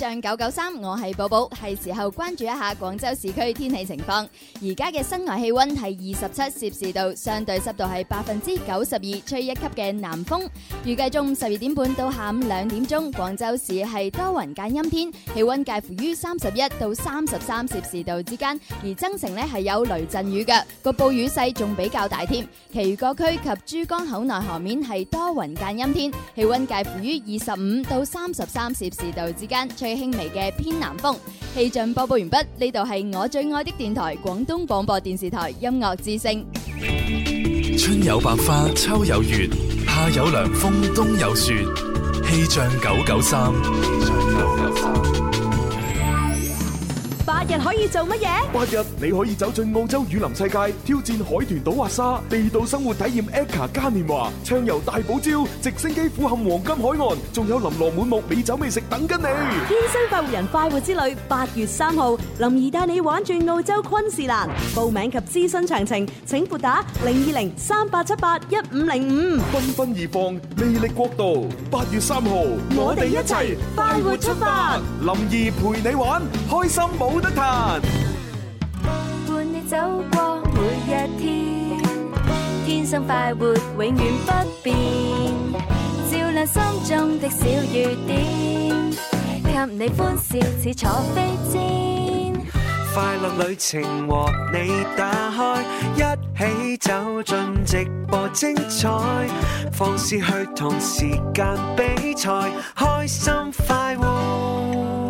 上九九三，3，我係寶寶，係時候關注一下廣州市區天氣情況。而家嘅室外氣溫係二十七攝氏度，相對濕度係百分之九十二，吹一級嘅南風。預計中午十二點半到下午兩點鐘，廣州市係多雲間陰天，氣溫介乎於三十一到三十三攝氏度之間。而增城呢係有雷陣雨嘅，個暴雨勢仲比較大添。其餘各區及珠江口內河面係多雲間陰天，氣溫介乎於二十五到三十三攝氏度之間。輕微嘅偏南風，氣象播報完畢。呢度係我最愛的電台——廣東廣播電視台音樂之聲。春有百花，秋有月，夏有涼風，冬有雪。氣象九九三。八日可以做乜嘢？八日你可以走進澳洲雨林世界，挑戰海豚島滑沙，地道生活體驗埃卡嘉年華，暢遊大堡礁，直升機俯瞰黃金海岸，仲有琳琅滿目美酒美食等緊你。天生快活人快活之旅，八月三號，林兒帶你玩轉澳洲昆士蘭。報名及諮詢詳情，請撥打零二零三八七八一五零五。繽紛綻放，魅力國度，八月三號，我哋一齊快活出發。林兒陪你玩，開心冇得。伴你走過每一天，天生快活永遠不變，照亮心中的小雨點，給你歡笑似坐飛氈。快樂旅程和你打開，一起走進直播精彩，放肆去同時間比賽，開心快活。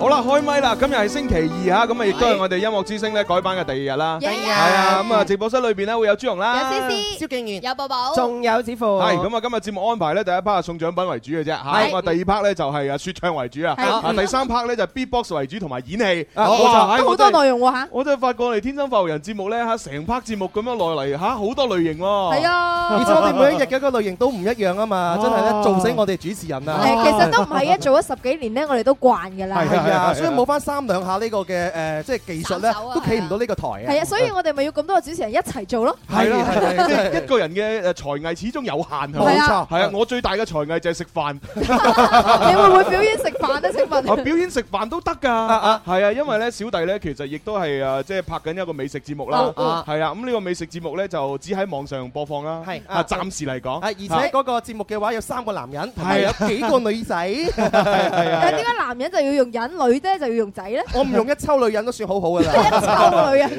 好啦，開咪啦！今日係星期二嚇，咁啊亦都係我哋音樂之星咧改版嘅第二日啦。第二日，係啊，咁啊直播室裏邊咧會有朱紅啦，有詩詩、蕭敬元、有寶寶，仲有子富。係咁啊，今日節目安排咧，第一 part 係送獎品為主嘅啫，係咁啊，第二 part 咧就係啊説唱為主啊，第三 part 咧就 Beatbox 為主同埋演戲。哇，好多內容嚇！我真係發覺嚟《天生快活人》節目咧嚇，成 part 節目咁樣落嚟嚇，好多類型喎。係啊，而且我哋每一日嘅一個類型都唔一樣啊嘛，真係咧，做死我哋主持人啊！係其實都唔係嘅，做咗十幾年咧，我哋都慣㗎啦。係係。所以冇翻三兩下呢個嘅誒，即係技術咧，都企唔到呢個台啊！係啊，所以我哋咪要咁多個主持人一齊做咯。係咯，一個人嘅才藝始終有限冇錯。係啊，我最大嘅才藝就係食飯。你會唔會表演食飯都食飯？啊，表演食飯都得㗎。係啊，因為咧，小弟咧其實亦都係誒，即係拍緊一個美食節目啦。係啊，咁呢個美食節目咧就只喺網上播放啦。係啊，暫時嚟講。係，而且嗰個節目嘅話有三個男人同埋有幾個女仔。係啊，但點解男人就要用忍？女咧就要用仔咧，我唔用一抽女人都算好好噶啦，一抽女啊，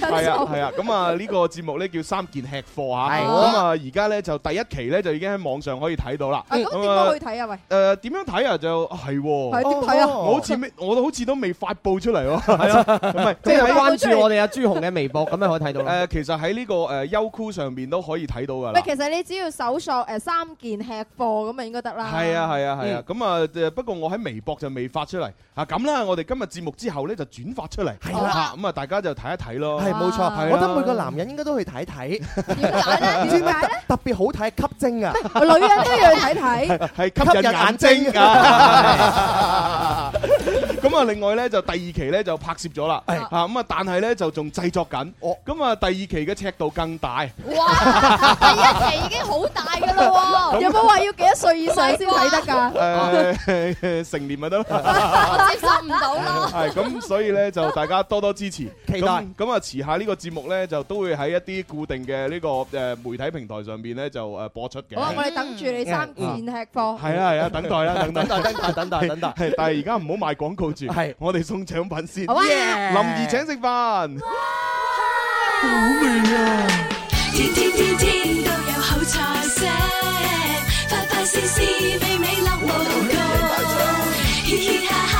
係啊係啊，咁啊呢個節目咧叫三件吃貨吓，咁啊而家咧就第一期咧就已經喺網上可以睇到啦。咁點樣去睇啊？喂，誒點樣睇啊？就係，係點睇啊？我好似未，我好似都未發布出嚟喎。唔係，即係關注我哋阿朱紅嘅微博，咁咪可以睇到。誒，其實喺呢個誒優酷上面都可以睇到噶。唔係，其實你只要搜索誒三件吃貨咁啊，應該得啦。係啊係啊係啊，咁啊不過我喺微博就未發出嚟嚇。咁啦，我哋今日節目之後咧就轉發出嚟，係啦，咁啊大家就睇一睇咯。係冇錯，我覺得每個男人應該都去睇睇。點解咧？點解特別好睇吸睛啊！女人都要睇睇，係吸引眼睛噶。咁啊，另外咧就第二期咧就拍攝咗啦，吓，咁啊，但係咧就仲製作緊，哦咁啊第二期嘅尺度更大。哇！第一期已經好大噶啦，有冇話要幾多歲以上先睇得噶？誒，成年咪得咯。接唔到咯，係咁，所以咧就大家多多支持，期待咁啊！遲下呢個節目咧就都會喺一啲固定嘅呢個誒媒體平台上邊咧就誒播出嘅。好啊，我哋等住你三件吃貨。係啊係啊，等待啊等待等待等待等待，但係而家唔好賣廣告住，係我哋送獎品先。哇！林儀請食飯，好味啊！天天天天都有好彩食，快快事事美美樂無窮，嘻嘻哈哈。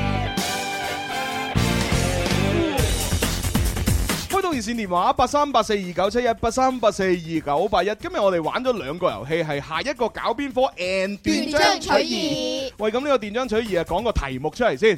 線電話八三八四二九七一八三八四二九八一，今日我哋玩咗兩個遊戲，係下一個搞邊科 and 斷章取義。喂，咁呢個斷章取義啊，講個題目出嚟先。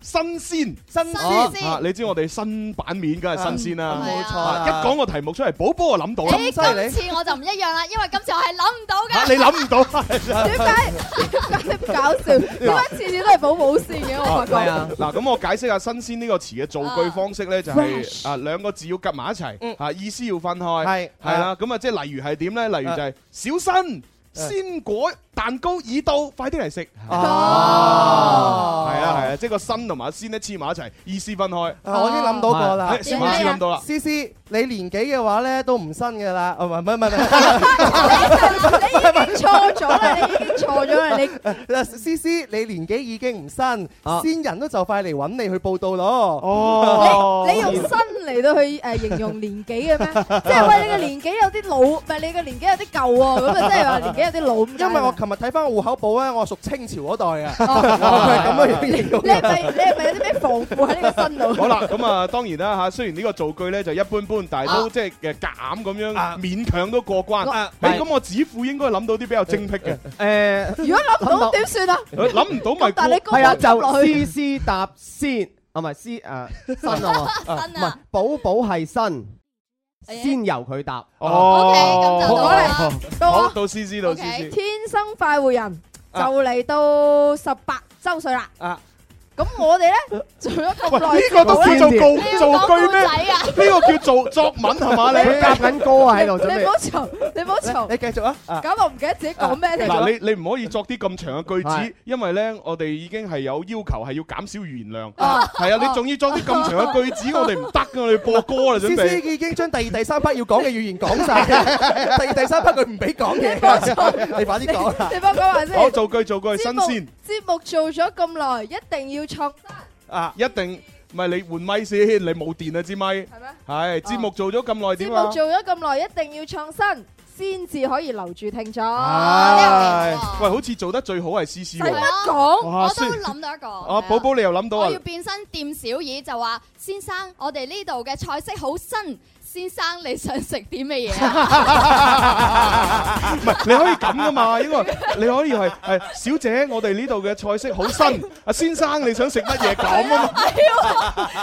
新鮮，新鮮，你知我哋新版面梗係新鮮啦，冇錯。一講個題目出嚟，寶寶就諗到啦。你今次我就唔一樣啦，因為今次我係諗唔到嘅。你諗唔到？點解？點解咁搞笑？點解次次都係寶寶先嘅？我發覺。嗱，咁我解釋下新鮮呢個詞嘅造句方式咧，就係啊兩個。字要夾埋一齊，嚇，嗯、意思要分開，係係啦，咁啊即係例如係點咧？例如就係小心鮮的果。蛋糕已到，快啲嚟食。哦，係啊係啊，即係個新同埋先咧黐埋一齊，意思分開。我已經諗到過啦，先我諗到啦。詩詩，你年紀嘅話咧都唔新㗎啦。哦，唔係唔係唔係，你認錯咗啦，你已經錯咗啦。你，嗱，詩詩，你年紀已經唔新，先人都就快嚟揾你去報道咯。哦，你用新嚟到去誒形容年紀嘅咩？即係喂，你嘅年紀有啲老，唔係你嘅年紀有啲舊喎。咁啊，即係話年紀有啲老。因為我咪睇翻個戶口簿咧，我係屬清朝嗰代啊。咁樣你係咪有啲咩防護喺呢個身度？好啦，咁啊當然啦吓，雖然呢個造句咧就一般般，但係都即係嘅減咁樣，勉強都過關。誒，咁我指負應該諗到啲比較精辟嘅。誒，如果諗唔到點算啊？諗唔到咪？但你高分啊，就思思答先，啊唔係思誒新啊嘛，唔係寶寶係新。先由佢答。OK 咁哦，okay, 就到好，到詩詩，到 OK 天生快活人、啊、就嚟到十八周歲啦。啊咁我哋咧做咗咁耐，呢個都叫做造句咩？呢個叫做作文係嘛？你夾緊歌啊喺度，你唔好嘈，你唔好嘈，你繼續啊！搞到我唔記得自己講咩嚟咗。嗱，你你唔可以作啲咁長嘅句子，因為咧我哋已經係有要求係要減少語量。係啊，你仲要作啲咁長嘅句子，我哋唔得㗎，你播歌啦。思思已經將第二、第三 part 要講嘅語言講曬，第二、第三 part 佢唔俾講嘅，你快啲講。你講講埋先。我做句做句新鮮。節目做咗咁耐，一定要，創新啊！一定唔係你換咪先，你冇電啊！支咪係咩？係節目做咗咁耐，節目做咗咁耐，一定要創新先至可以留住聽眾。啊啊、聽喂，好似做得最好係 C C 乜講我都諗到一個。啊，寶寶、啊、你又諗到、啊、我要變身店小二，就話先生，我哋呢度嘅菜式好新。先生，你想食啲咩嘢啊？唔係，你可以咁噶嘛，應該你可以係係小姐，我哋呢度嘅菜式好新。阿先生，你想食乜嘢咁啊？點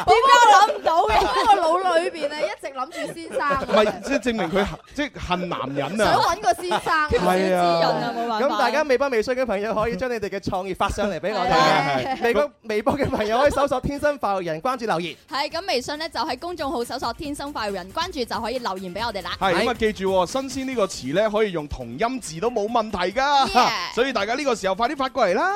解我諗唔到嘅？因為我腦裏邊啊一直諗住先生。唔係，即係證明佢即係恨男人啊！想揾個先生，係啊，滋潤啊冇辦法。咁大家微博微信嘅朋友可以將你哋嘅創意發上嚟俾我哋。係係。微博微博嘅朋友可以搜索「天生快活人」關注留言。係咁，微信咧就喺公眾號搜索「天生快活人」，關注就可以留言俾我哋啦。係咁啊！是記住，哦，新鮮呢個詞咧，可以用同音字都冇問題噶。Yeah. 所以大家呢個時候快啲發過嚟啦。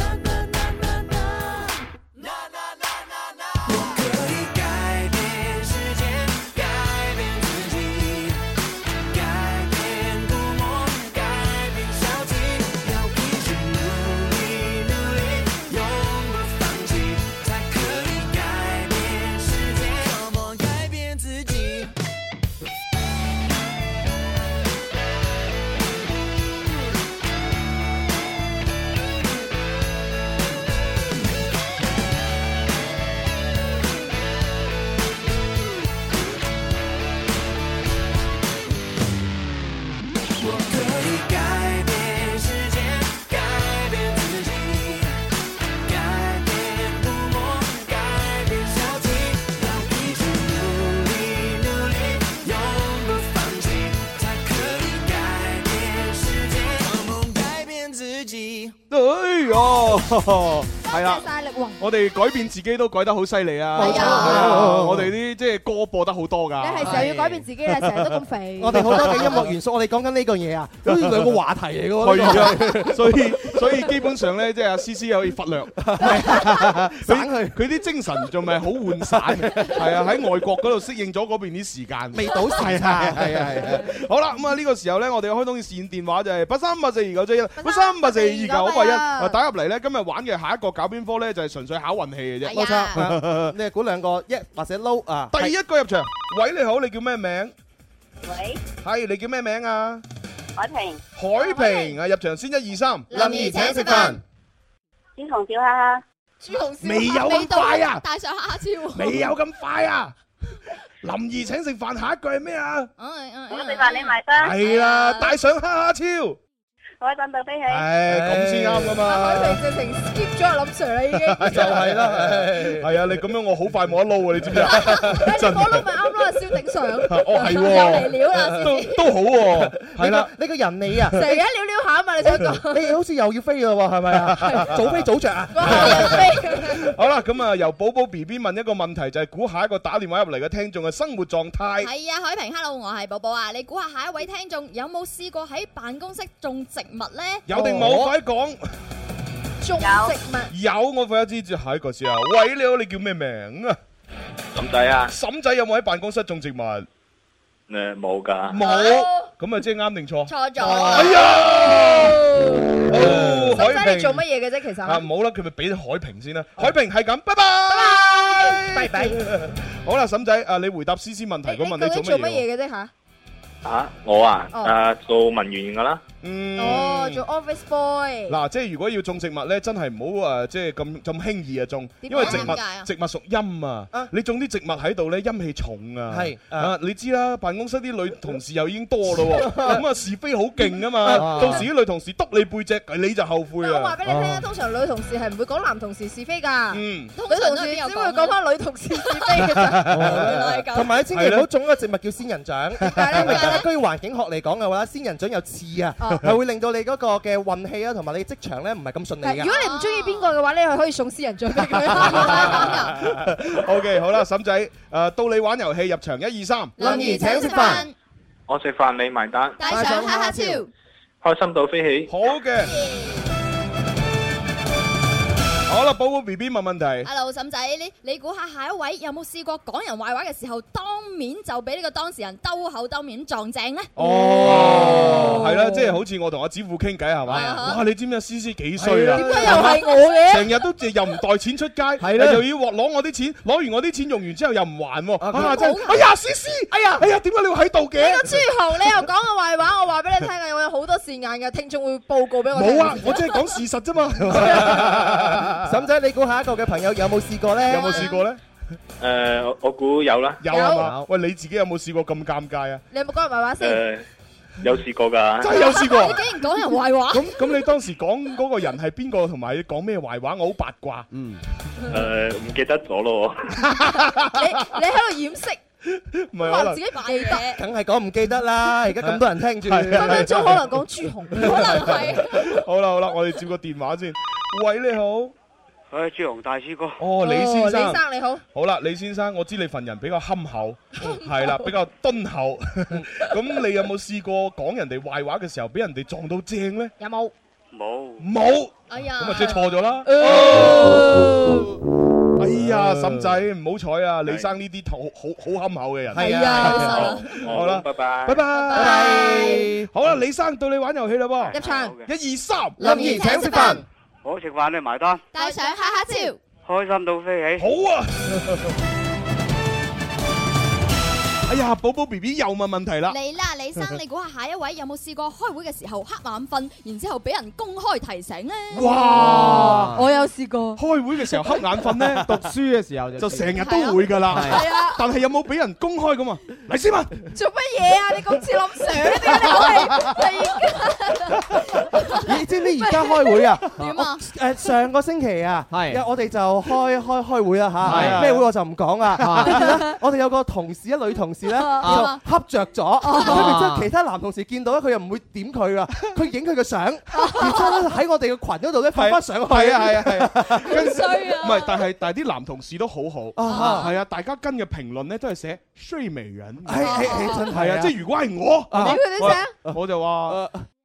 哎呀，哈哈。係啊！我哋改變自己都改得好犀利啊！我哋啲即係歌播得好多噶。你係成日要改變自己啊！成日都咁肥。我哋好多嘅音樂元素。我哋講緊呢個嘢啊，好似兩個話題嚟嘅喎。所以所以基本上咧，即係阿思思可以忽略。佢佢啲精神仲未好渙散。係啊，喺外國嗰度適應咗嗰邊啲時間。未倒曬啊！係啊係啊！好啦，咁啊呢個時候咧，我哋開通線電話就係八三八四二九七一，八三八四二九好快一啊打入嚟咧，今日玩嘅下一個。考邊科咧就係純粹考運氣嘅啫，冇錯，你係估兩個一或者 low 啊。第一個入場，喂你好，你叫咩名？喂，係你叫咩名啊？海平，海平啊！入場先一二三，林怡請食飯，朱紅叫哈哈，朱紅小未有咁快啊！帶上哈哈超，未有咁快啊！林怡請食飯，下一句係咩啊？我食飯你埋單，係啦，帶上哈哈超。我等等飛起，唉、哎，咁先啱噶嘛！我哋直情 skip 咗阿林 Sir 啦，已經 就係啦了，係 啊，你咁樣我好快冇得撈啊，你知唔知啊？真嘅。燒頂上，有嚟料啦，都都好喎，係啦，你個人你啊，成日撩撩下嘛，你想講，你好似又要飛啦喎，係咪啊？早飛早着啊，好啦，咁啊，由寶寶 B B 問一個問題，就係估下一個打電話入嚟嘅聽眾嘅生活狀態。係啊，海平，Hello，我係寶寶啊，你估下下一位聽眾有冇試過喺辦公室種植物咧？有定冇？快講，種植物有，我快有知住下一個先啊，喂，你好，你叫咩名啊？嬸仔啊，嬸仔有冇喺辦公室種植物？誒，冇噶，冇。咁啊，即係啱定錯？錯咗。哎呀，哦，海平做乜嘢嘅啫？其實啊，唔好啦，佢咪俾海平先啦。海平係咁，拜拜，拜拜，拜拜。好啦，嬸仔，誒，你回答思思問題，我問你做乜嘢嘅啫吓？吓，我啊，誒，做文員噶啦。哦，做 office boy。嗱，即係如果要種植物咧，真係唔好啊！即係咁咁輕易啊種，因為植物植物屬陰啊。你種啲植物喺度咧，陰氣重啊。係啊，你知啦，辦公室啲女同事又已經多咯，咁啊是非好勁啊嘛。到時啲女同事督你背脊，你就後悔啊。我話俾你聽，通常女同事係唔會講男同事是非噶，女同事只會講翻女同事是非嘅啫。同埋，你千祈唔好種嗰個植物叫仙人掌。係啦，因為家居環境學嚟講嘅話，仙人掌有刺啊。係會令到你嗰個嘅運氣啊，同埋你職場咧唔係咁順利㗎。如果你唔中意邊個嘅話，你係可以送私人信俾佢。OK，好啦，嬸仔，誒，到你玩遊戲入場，一二三，林兒請食飯，我食飯你埋單，大槍哈哈潮，開心到飛起，好嘅。好啦，保護 B B 問問題。Hello，嬸仔，你你估下下一位有冇試過講人壞話嘅時候，當面就俾呢個當事人兜口兜面撞正咧？哦、oh, mm，係、hmm. 啦，即係好似我同阿子富傾偈係嘛？哇，你知唔知思思幾衰啊？點解又係我嘅？成日都又唔袋錢出街，係咧的的又要攞我啲錢，攞完我啲錢用完之後又唔還喎 Okay.、啊。哎呀，思思，哎呀，哎呀，點解你會喺度嘅？個朱豪，你又講我壞話，我話俾你聽，聽啊！我有好多字眼嘅，聽眾會報告俾我。冇啊，我即係講事實啫嘛。 嬸仔，你估下一個嘅朋友有冇試過咧？有冇試過咧？誒，我估有啦。有啊嘛？喂，你自己有冇試過咁尷尬啊？你有冇講人壞話先？有試過噶。真係有試過。你竟然講人壞話？咁咁，你當時講嗰個人係邊個？同埋你講咩壞話？我好八卦。嗯。誒，唔記得咗咯。你你喺度掩飾？唔係話自己買嘢。梗係講唔記得啦。而家咁多人聽住，分分鐘可能講朱紅。可能係。好啦好啦，我哋接個電話先。喂，你好。誒，朱紅大師哥，哦，李先，李生你好，好啦，李先生，我知你份人比較憨厚，係啦，比較敦厚，咁你有冇試過講人哋壞話嘅時候，俾人哋撞到正咧？有冇？冇，冇，哎呀，咁啊即係錯咗啦，哎呀，嬸仔唔好彩啊，李生呢啲好好好憨厚嘅人，係啊，好啦，拜拜，拜拜，好啦，李生到你玩遊戲啦，入場，一二三，林怡請食飯。好，食飯你埋單，帶上哈哈照，開心到飛起，好啊！哎呀，寶寶 B B 又問問題啦！你啦，李生，你估下下一位有冇試過開會嘅時候瞌眼瞓，然之後俾人公開提醒咧？哇！我有試過開會嘅時候瞌眼瞓咧，讀書嘅時候就成日都會噶啦。係啊，但係有冇俾人公開咁啊？李生做乜嘢啊？你咁似諗想啲嘅，你講係，你家，而知唔知而家開會啊？點啊？誒，上個星期啊，係我哋就開開開會啦吓，係咩會我就唔講啊。我哋有個同事，一女同事。咧就恰着咗，即係其他男同事見到咧，佢又唔會點佢噶，佢影佢嘅相，然之後咧喺我哋嘅群嗰度咧發翻相。係啊係啊係，跟衰啊！唔係，但係但係啲男同事都好好，係啊，大家跟嘅評論咧都係寫衰微人，係啊！即係如果係我，俾佢啲寫，我就話。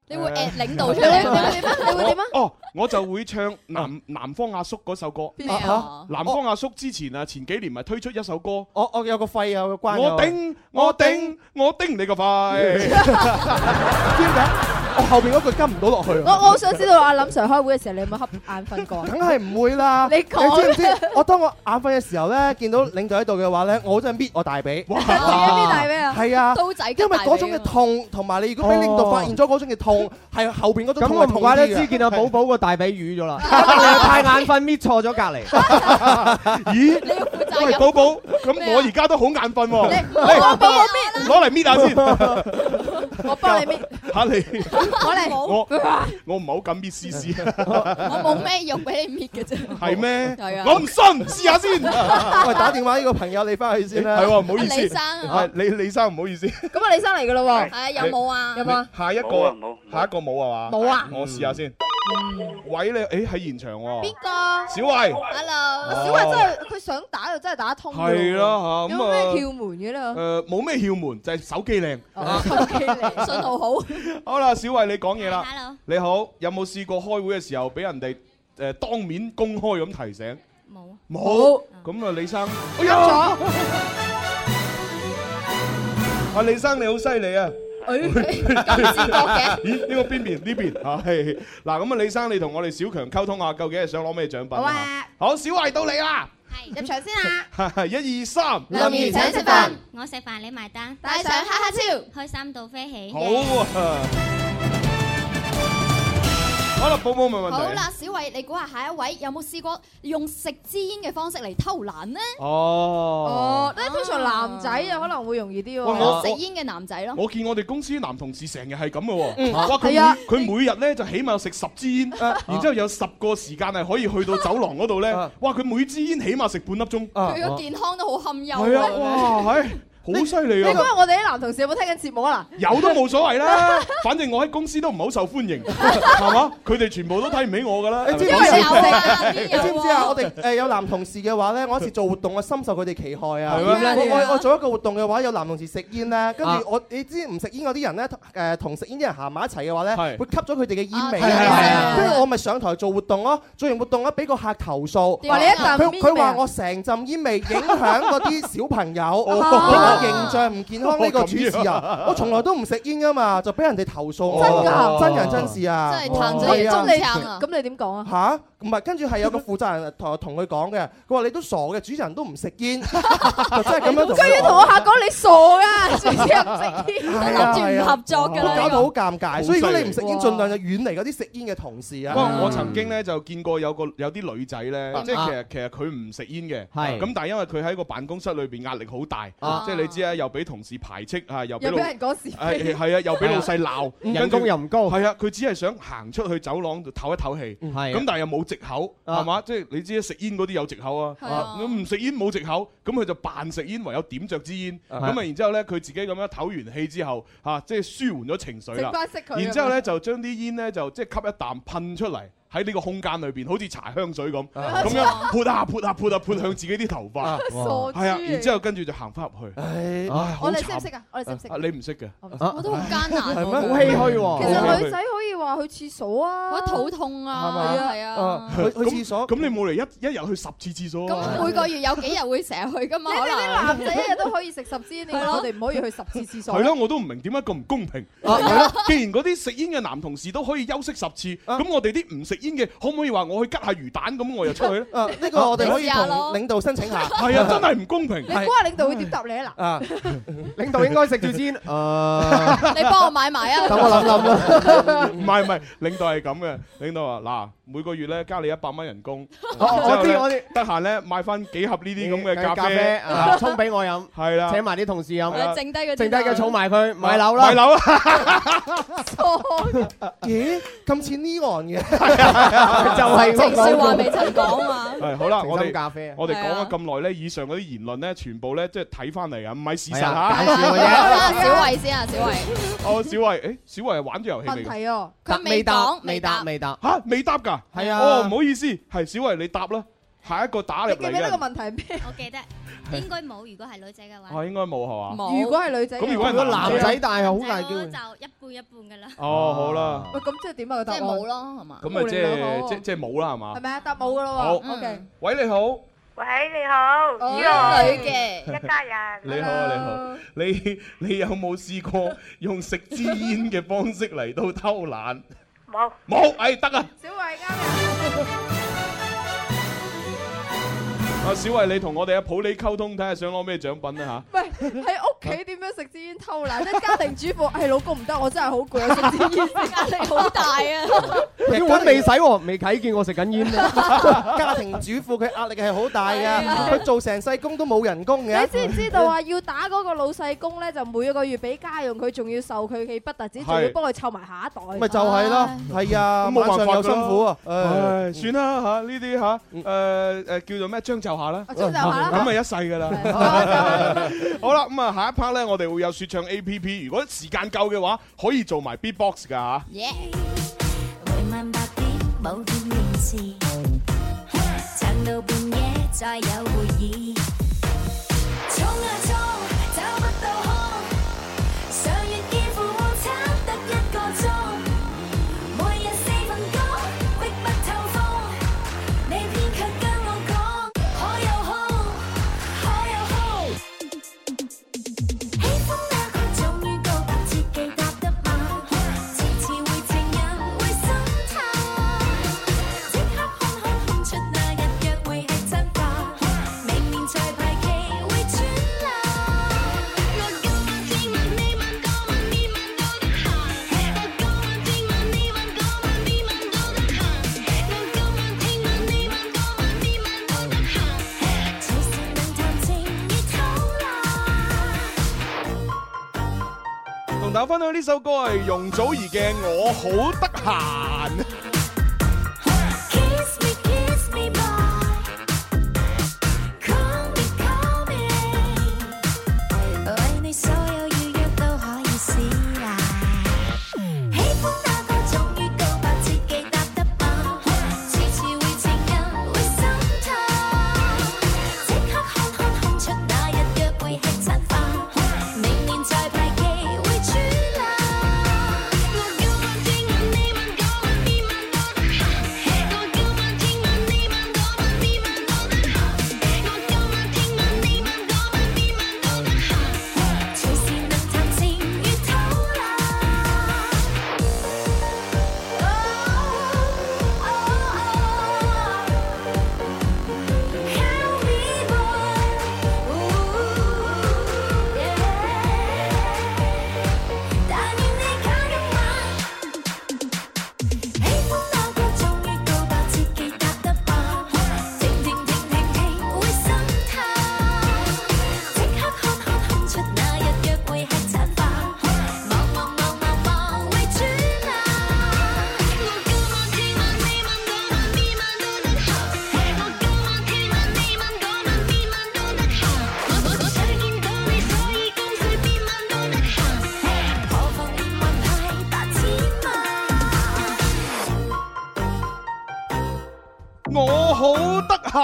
你會 at 領導出嚟，你會點啊？ 你會點啊？哦，我就會唱南南方阿叔嗰首歌。嚇、啊，啊、南方阿叔之前啊，哦、前幾年咪推出一首歌。哦哦，有個肺有,有個關有。我頂，我頂，我頂,我頂你個肺。點解？ 我後邊嗰句跟唔到落去。我我想知道阿林 sir 開會嘅時候，你有冇瞌眼瞓過？梗係唔會啦。你講，你知唔知？我當我眼瞓嘅時候咧，見到領導喺度嘅話咧，我真係搣我大髀。搣大髀啊！係啊，刀仔。因為嗰種嘅痛，同埋你如果俾領導發現咗嗰種嘅痛，係後邊嗰種痛。唔怪得之見到寶寶個大髀淤咗啦。太眼瞓搣錯咗隔離。咦？係寶寶，咁我而家都好眼瞓喎。你寶寶搣，攞嚟搣下先。我幫你搣，吓你，我嚟，我唔好咁搣試試啊！我冇咩用俾你搣嘅啫。係咩？係啊，我唔信，試下先。喂，打電話呢個朋友你翻去先啦。係，唔好意思，李生，係李李生，唔好意思。咁啊，李生嚟噶啦，係啊，有冇啊？有冇？下一個，下一個冇啊嘛？冇啊！我試下先。喂，你誒喺現場喎？邊個？小慧。Hello，小慧真係佢想打就真係打通。係啦吓，咁啊。有咩竅門嘅咧？誒，冇咩竅門，就係手機靚，手機靚，信號好。好啦，小慧你講嘢啦。Hello，你好，有冇試過開會嘅時候俾人哋誒當面公開咁提醒？冇。冇。咁啊，李生。我有。阿李生你好犀利啊！佢咁 自覺嘅，呢、 呢個邊邊呢邊係嗱，咁 啊，啊李生，你同我哋小強溝通下，究竟係想攞咩獎品？好啊，啊好小慧到你啦，係是入場先啦， 一二三，林怡兒請食飯，我食飯你埋單，帶上哈哈超，開心到飛起，好、啊。 好啦，冇冇冇問題。好啦，小偉，你估下下一位有冇試過用食支煙嘅方式嚟偷懶呢？哦哦，咧，通常男仔就可能會容易啲喎。食煙嘅男仔咯。我見我哋公司男同事成日係咁嘅喎。嗯，啊。佢每日咧，就起碼食十支煙，然之後有十個時間係可以去到走廊嗰度咧。哇，佢每支煙起碼食半粒鐘。佢個健康都好堪憂。係啊，哇，係。好犀利啊！你估下我哋啲男同事有冇聽緊節目啊？嗱，有都冇所謂啦，反正我喺公司都唔好受歡迎，係嘛？佢哋全部都睇唔起我㗎啦。你知唔知啊？你知唔知啊？我哋誒有男同事嘅話咧，我一次做活動，我深受佢哋其害啊！我我做一個活動嘅話，有男同事食煙咧，跟住我，你知唔食煙嗰啲人咧，誒同食煙啲人行埋一齊嘅話咧，會吸咗佢哋嘅煙味。跟住我咪上台做活動咯，做完活動咧，俾個客投訴，話你一陣，佢佢話我成陣煙味影響嗰啲小朋友。形象唔健康呢個主持人，我從來都唔食煙噶嘛，就俾人哋投訴。真嘅，真人真事啊！真係你誠，真嘅咁你點講啊？吓？唔係，跟住係有個負責人同同佢講嘅，佢話你都傻嘅，主持人都唔食煙，居然同我下講你傻㗎，唔食煙都諗住唔合作㗎啦，搞到好尷尬。所以如果你唔食煙，儘量就遠離嗰啲食煙嘅同事啊。不過我曾經咧就見過有個有啲女仔咧，即係其實其實佢唔食煙嘅，咁但係因為佢喺個辦公室裏邊壓力好大，即係你。你知啊，又俾同事排斥啊，又俾老，又俾人講是非，係啊，又俾老細鬧，人工又唔高，係啊，佢只係想行出去走廊唞一唞氣，咁是的 但係又冇藉口，係嘛，啊？即係你知食煙嗰啲有藉口是的 啊，咁唔食煙冇藉口，咁佢就扮食煙，唯有點着支煙，咁啊是的，然之後咧，佢自己咁樣唞完氣之後，嚇即係舒緩咗情緒啦，然之後咧就將啲煙咧就即係吸一啖噴出嚟。喺呢個空間裏邊，好似搽香水咁，咁樣潑下潑下潑下潑向自己啲頭髮，係啊，然之後跟住就行翻入去。我哋識唔識啊？我哋識唔識啊？你唔識嘅，我都好艱難，好唏噓喎。其實女仔可以話去廁所啊，或者肚痛啊，係啊，去去廁所。咁你冇嚟一一日去十次廁所？咁每個月有幾日會成日去㗎嘛？你啲男仔一日都可以食十支，你我哋唔可以去十次廁所？係咯，我都唔明點解咁唔公平。既然嗰啲食煙嘅男同事都可以休息十次，咁我哋啲唔食煙嘅可唔可以話我去吉下魚蛋，咁我又出去咧？呢個我哋可以同領導申請下。係啊，真係唔公平。你估下領導會點答你啊？嗱，領導應該食住先。你幫我買埋啊！等我諗諗啦。唔係唔係，領導係咁嘅。領導話，嗱，每個月咧加你一百蚊人工。我知我得閒咧買翻幾盒呢啲咁嘅咖啡，沖俾我飲。係啦，請埋啲同事飲。剩低嘅，剩低嘅，儲埋佢，買樓啦。買樓啦。咦？咁似呢岸嘅。 就係成説話未曾講啊！ 係好啦，我哋我哋講咗咁耐咧，以上嗰啲言論咧，全部咧即係睇翻嚟啊，唔係事實嚇。 小慧先啊，小慧。 哦，小慧，誒、欸，小慧係玩咗遊戲未㗎？係哦，佢未答，未答，未答。嚇，未答㗎？係啊。哦，唔好意思，係小慧。你答啦。下一個打嚟嚟嘅。你記得呢個問題係咩？ 我記得。應該冇，如果係女仔嘅話。哦，應該冇係嘛？如果係女仔，咁如果係個男仔，但係好大叫。就一半一半噶啦。哦，好啦。喂，咁即係點啊？即係冇咯，係嘛？咁咪，即係即係即係冇啦，係嘛？係咪啊？答冇噶咯喎。好，OK。喂，你好。喂，你好。女嘅，一家人。你好啊，你好。你你有冇試過用食支煙嘅方式嚟到偷懶？冇。冇，哎得啊。小慧，今日。小慧，你同我哋阿普利溝通睇下，想攞咩獎品啊？吓？喂，喺屋企點樣食支煙偷懶咧？家庭主婦係老公唔得，我真係好攰，食支煙壓力好大啊！煙管未使喎，未睇見我食緊煙。家庭主婦佢壓力係好大嘅，佢做成世工都冇人工嘅。你知唔知道啊？要打嗰個老細工咧，就每一個月俾家用，佢仲要受佢嘅氣不特止，仲要幫佢湊埋下一代。咪就係咯，係啊，咁冇辦法，辛苦啊！誒，算啦嚇，呢啲吓，誒誒叫做咩？將就。下啦，咁咪、嗯、一世噶啦。 好啦，咁啊下、， 嗯、下一 part 咧，我哋會有說唱 APP。如果時間夠嘅話，可以做埋 Beatbox 噶。Yeah. 分享呢首歌係容祖兒嘅《我好得閒》。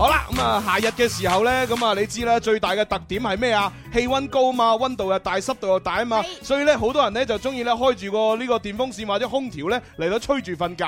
好啦，咁啊，夏日嘅時候咧，咁啊，你知啦，最大嘅特點係咩啊？氣溫高啊嘛，溫度又大，濕度又大啊嘛，所以咧，好多人咧就中意咧開住個呢個電風扇或者空調咧嚟到吹住瞓覺，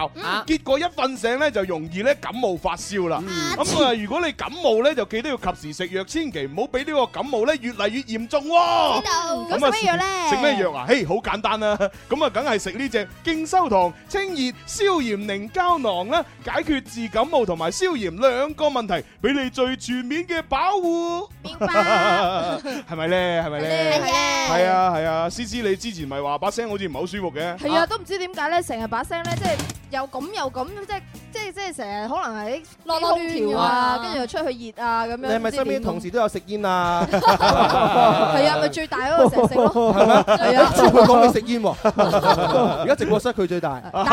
結果一瞓醒咧就容易咧感冒發燒啦。咁啊，如果你感冒咧，就記得要及時食藥，千祈唔好俾呢個感冒咧越嚟越嚴重喎。咁啊食咩藥咧？食咩藥啊？嘿，好簡單啊，咁啊，梗係食呢隻敬修堂清熱消炎寧膠囊啦，解決治感冒同埋消炎兩個問題。俾你最全面嘅保護，明白，係咪咧？係咪咧？係啊係啊！思思 你之前咪話把聲好似唔係好舒服嘅，係啊，都唔知點解咧，成日把聲咧即係又咁又咁即係。即係即係成日可能係落落雨啊，跟住又出去熱啊咁樣。你係咪身邊同事都有食煙啊？係啊，咪最大嗰個成食咯，係咪？係啊，佢講你食煙喎。而家直播室佢最大，大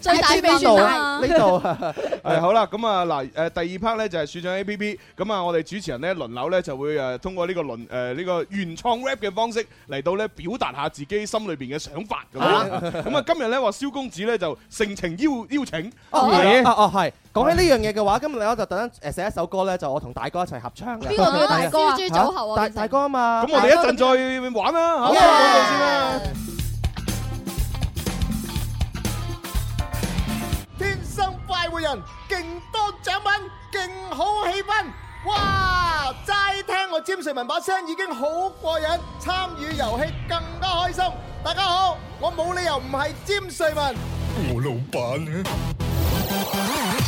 最大最大，呢度係好啦。咁啊嗱誒，第二 part 咧就係署長 A P P。咁啊，我哋主持人咧輪流咧就會誒通過呢個輪誒呢個原創 rap 嘅方式嚟到咧表達下自己心裏邊嘅想法咁啊。咁啊，今日咧話蕭公子咧就盛情邀邀請。啊啊係！講起呢樣嘢嘅話，今日我就等陣誒寫一首歌咧，就我同大哥一齊合唱嘅。呢個同大哥啊？豬豬組合啊！大大哥啊嘛！咁我哋一陣再玩啦吓。天生快活人，勁多獎品，勁好氣氛。哇！齋聽我詹瑞文把聲已經好過癮，參與遊戲更加開心。大家好，我冇理由唔係詹瑞文。我老闆嘅。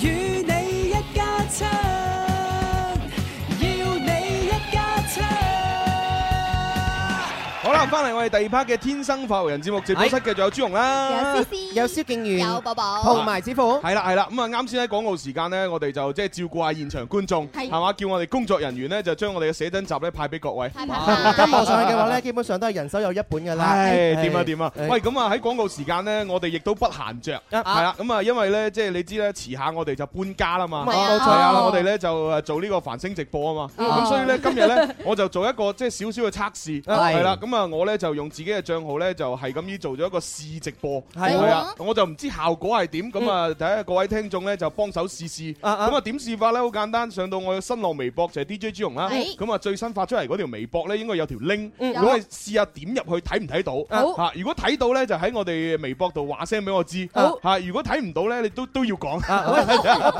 與你一家親，要你一家親。好啦，翻嚟我哋第二 part 嘅《天生快活人》節目直播室嘅，仲有朱紅啦，有詩詩，有蕭敬遠，有寶寶，同埋子傅。係啦，係啦。咁啊，啱先喺廣告時間咧，我哋就即係照顧下現場觀眾，係嘛？叫我哋工作人員咧，就將我哋嘅寫真集咧派俾各位。派派。今日上去嘅話咧，基本上都係人手有一本㗎啦。唉，點啊點啊！喂，咁啊喺廣告時間咧，我哋亦都不閒着。係啦。咁啊，因為咧，即係你知咧，遲下我哋就搬家啦嘛。唔係啊，冇錯啊，我哋咧就誒做呢個繁星直播啊嘛。咁所以咧，今日咧，我就做一個即係少少嘅測試，係啦。咁啊。我咧就用自己嘅賬號咧，就係咁依做咗一個試直播，係啊，我就唔知效果係點，咁啊，睇下各位聽眾咧就幫手試試，咁啊點試法咧好簡單，上到我嘅新浪微博就係 DJ 朱融啦，咁啊最新發出嚟嗰條微博咧應該有條 link，如果啊試下點入去睇唔睇到，吓，如果睇到咧就喺我哋微博度話聲俾我知，吓，如果睇唔到咧你都都要講，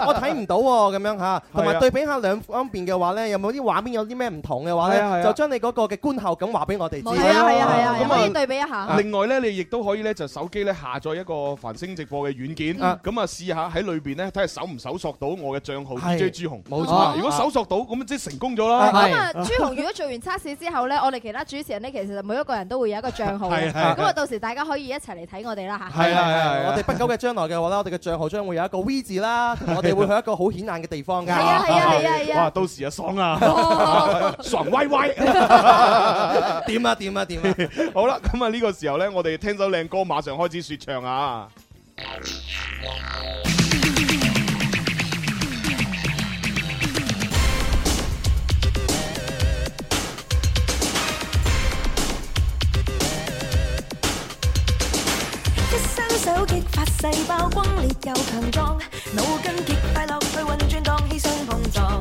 我睇唔到喎，咁樣吓，同埋對比下兩方面嘅話咧，有冇啲畫面有啲咩唔同嘅話咧，就將你嗰個嘅觀後感話俾我哋知。係啊係啊係啊，可以對比一下。另外咧，你亦都可以咧就手機咧下載一個繁星直播嘅軟件，咁啊試下喺裏邊咧睇下搜唔搜索到我嘅賬號 J J 朱紅。冇錯。如果搜索到咁即係成功咗啦。咁啊朱紅，如果做完測試之後咧，我哋其他主持人咧其實每一個人都會有一個賬號，咁啊到時大家可以一齊嚟睇我哋啦吓。係啊係啊，我哋不久嘅將來嘅話咧，我哋嘅賬號將會有一個 V 字啦，我哋會去一個好顯眼嘅地方嘅。係啊係啊係啊係啊。哇，到時啊爽啊，爽歪歪，點啊點。好啦，咁啊，呢個時候呢，我哋聽首靚歌，馬上開始說唱啊！一雙手激發細胞，剛烈又強壯，腦筋極快落去運轉，撞起相碰撞，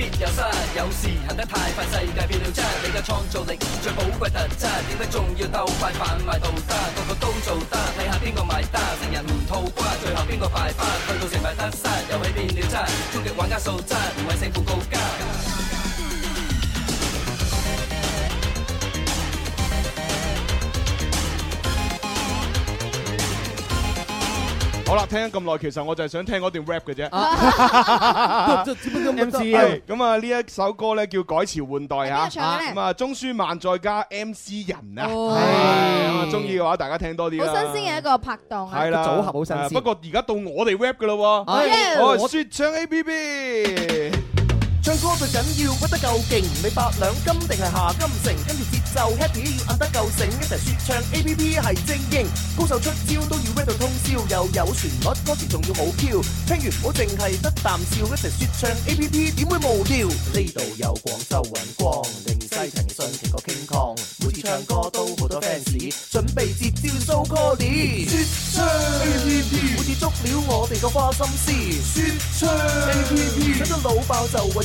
必有失，有時行得太快，世界變了質。你嘅創造力最寶貴特質，點解仲要鬥快販賣道德？個個都做得。睇下邊個埋單。成日唔吐骨，最後邊個快家？去到成敗得失，遊戲變了質。終極玩家素質，唔為勝負告急。好啦，聽咗咁耐，其實我就係想聽嗰段 rap 嘅啫。就只不過 M C 啊。咁啊，呢一首歌咧叫改朝換代嚇。咁啊，鍾舒漫再加 M C 人啊。哦。中意嘅話，大家聽多啲。好新鮮嘅一個拍檔啊，個組合好新鮮。不過而家到我哋 rap 嘅咯喎。係。說唱 APP。唱歌最緊要屈得夠勁，你八兩金定係夏金城，跟住節奏 happy 要壓得夠醒，一齊説唱 A P P 係精英，高手出招都要 rap 到通宵，又有旋律，歌詞仲要好飄，聽完唔好淨係得啖笑，一齊説唱 A P P 點會無聊？呢度有廣州雲光，定西城信成個傾抗，每次唱歌都好多 fans 準備接招 show 哥啲説唱 A P P，每次觸了我哋個花心思説唱 A P P，想到腦爆就為。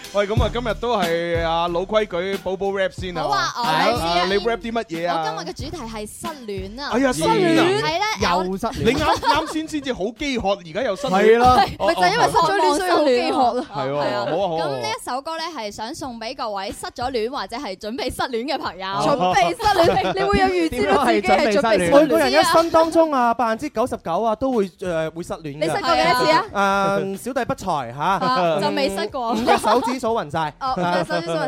喂，咁啊，今日都係啊老規矩，補補 rap 先啊！好啊，我嚟先啊，你 rap 啲乜嘢啊？我今日嘅主題係失戀啊！哎呀，失戀，係啦，又失戀。你啱啱先先至好飢渴，而家又失戀。係啦，咪就係因為失咗戀，所以好飢渴咯。係啊，好啊，好啊。咁呢一首歌咧係想送俾各位失咗戀或者係準備失戀嘅朋友。準備失戀，你會有預知到自己係準備失戀啊？每個人一生當中啊，百分之九十九啊都會誒會失戀嘅。你失過幾多次啊？誒，小弟不才嚇，就未失過。手指。數勻晒，唔係數字數勻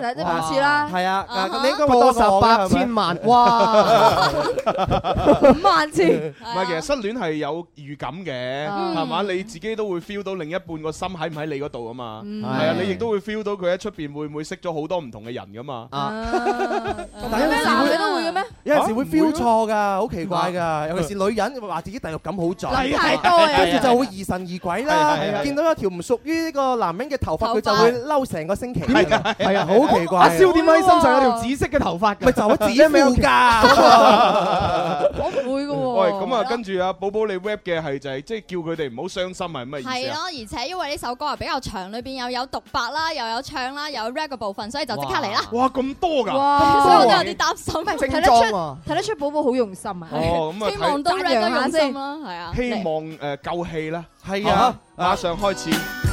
晒，即係一次啦。係啊，你應該會多十八千萬，哇，五萬次。唔係，其實失戀係有預感嘅，係嘛？你自己都會 feel 到另一半個心喺唔喺你嗰度啊嘛。係啊，你亦都會 feel 到佢喺出邊會唔會識咗好多唔同嘅人噶嘛。啊，但係咩男嘅都會嘅咩？有陣時會 feel 錯噶，好奇怪噶。尤其是女人話自己第六感好準，太多，跟住就會疑神疑鬼啦。見到一條唔屬於呢個男人嘅頭髮，佢就會嬲成。成個星期係啊，好奇怪！阿蕭點解身上有條紫色嘅頭髮？咪就係紫色架，我唔會嘅喎。咁啊，跟住阿寶寶你 rap 嘅係就係即係叫佢哋唔好傷心係乜意思？係咯，而且因為呢首歌係比較長，裏邊又有獨白啦，又有唱啦，又有 rap 嘅部分，所以就即刻嚟啦。哇，咁多㗎！所以我都有啲擔心。睇得出，睇得出，寶寶好用心啊！哦，咁啊，希望都 rap 得用心啦，係啊。希望誒夠氣啦，係啊，馬上開始。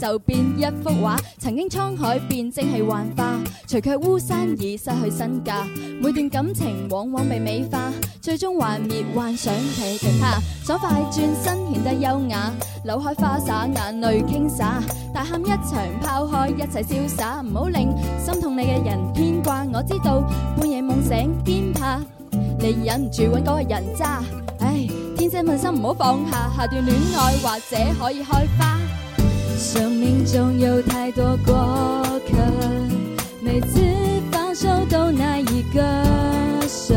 就變一幅畫，曾經滄海變蒸氣幻化，除卻巫山已失去身價。每段感情往往被美化，最終幻滅幻想起其他。爽快轉身顯得優雅，扭開花灑眼淚傾灑，大喊一場拋開一齊瀟灑，唔好令心痛你嘅人牽掛。我知道半夜夢醒驚怕，你忍唔住搵嗰個人渣。唉，天真的心唔好放下，下段戀愛或者可以開花。生命中有太多過客，每次放手都難以割捨。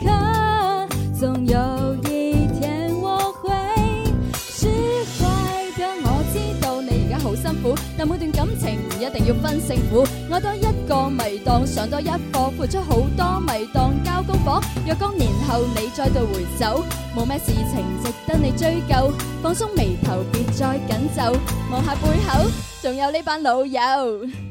總有一天我會釋懷嘅。我知道你而家好辛苦，但每段感情唔一定要分勝負。愛多一個咪當上多一課，付出好多咪當交功課。若干年後你再度回首，冇咩事情值得你追究。放鬆眉頭，別再緊皺，望下背後，仲有呢班老友。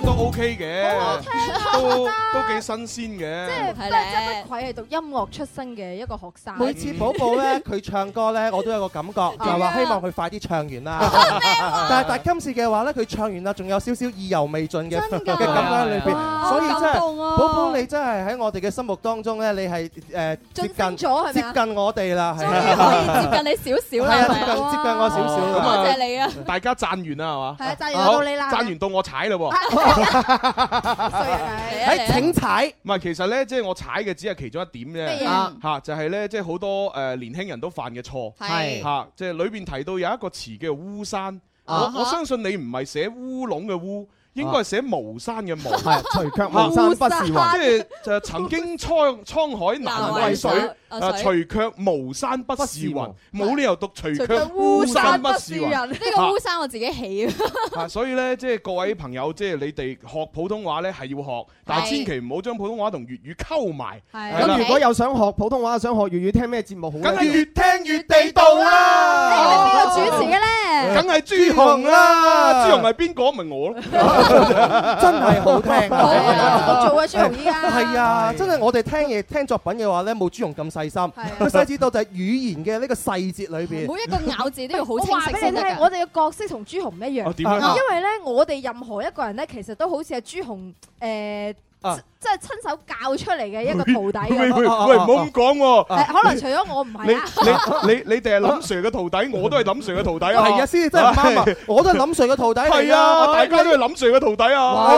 都 OK 嘅，都都幾新鮮嘅。即係咧，真不愧係讀音樂出身嘅一個學生。每次寶寶咧，佢唱歌咧，我都有個感覺，就係話希望佢快啲唱完啦。但係但今次嘅話咧，佢唱完啦，仲有少少意猶未盡嘅嘅感覺喺裏邊。所以真係寶寶，你真係喺我哋嘅心目當中咧，你係誒接近咗，接近我哋啦，係啊，可以接近你少少啦，係啊，接近我少少。咁啊，多謝你啊！大家讚完啦，係嘛？係啊，讚完到你啦，讚完到我踩啦喎。 哎、請踩，唔係其實呢，即、就、係、是、我踩嘅只係其中一點啫。嚇、嗯啊，就係、是、呢，即係好多誒、呃、年輕人都犯嘅錯。係嚇是，即係裏邊提到有一個詞叫做烏山，啊、哈我我相信你唔係寫烏龍嘅烏。應該係寫巫山嘅巫，係。除卻巫山不是雲，即係就曾經滄滄海難為水。啊，除卻巫山不是雲，冇理由讀除卻。巫山不是雲，呢個巫山我自己起。啊，所以咧，即係各位朋友，即係你哋學普通話咧，係要學，但係千祈唔好將普通話同粵語溝埋。咁如果有想學普通話、想學粵語，聽咩節目好？梗係越聽越地道啦。咁邊個主持嘅咧？梗係朱紅啦，朱紅係邊個？咪我咯。真係好聽，好啊！做啊朱紅依家係啊，真係我哋聽嘢聽作品嘅話咧，冇朱紅咁細心，佢細緻到就係語言嘅呢個細節裏邊，每一個咬字都要好清晰。我話俾你聽，我哋嘅角色同朱紅唔一樣，因為咧我哋任何一個人咧，其實都好似係朱紅誒。即係親手教出嚟嘅一個徒弟。喂，唔好咁講喎。可能除咗我唔係啊。你你你定係林 Sir 嘅徒弟，我都係林 Sir 嘅徒弟啊。係啊，先真係唔啱，我都係林 Sir 嘅徒弟。係啊，大家都係林 Sir 嘅徒弟啊。我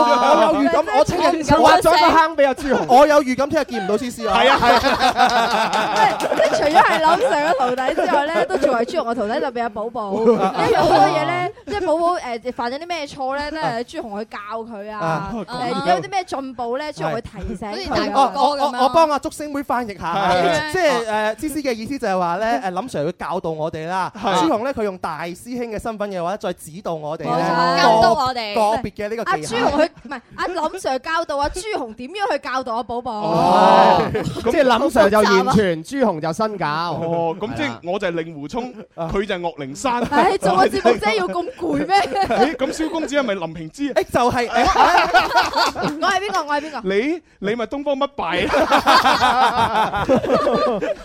有預感，我聽日挖咗個坑俾阿朱紅。我有預感，聽日見唔到思思啊。係啊係啊。即係除咗係林 Sir 嘅徒弟之外咧，都作為朱紅嘅徒弟就變阿寶寶。因為好多嘢咧，即係寶寶誒犯咗啲咩錯咧，即係朱紅去教佢啊。誒，有啲咩進步咧，朱紅。提醒，大哥我我我幫阿竹升妹翻譯下，即係誒芝芝嘅意思就係話咧，誒林 sir 會教導我哋啦。朱紅咧，佢用大師兄嘅身份嘅話，再指導我哋，教導我哋。個別嘅呢個阿朱紅，佢唔係阿林 sir 教導阿朱紅點樣去教導阿寶寶。哦，即係林 sir 就完全，朱紅就新教。咁即係我就係令狐沖，佢就係岳靈珊。但做個師傅真要咁攰咩？誒，咁蕭公子係咪林平之啊？誒，就係。我係邊個？我係邊個？你咪東方不敗，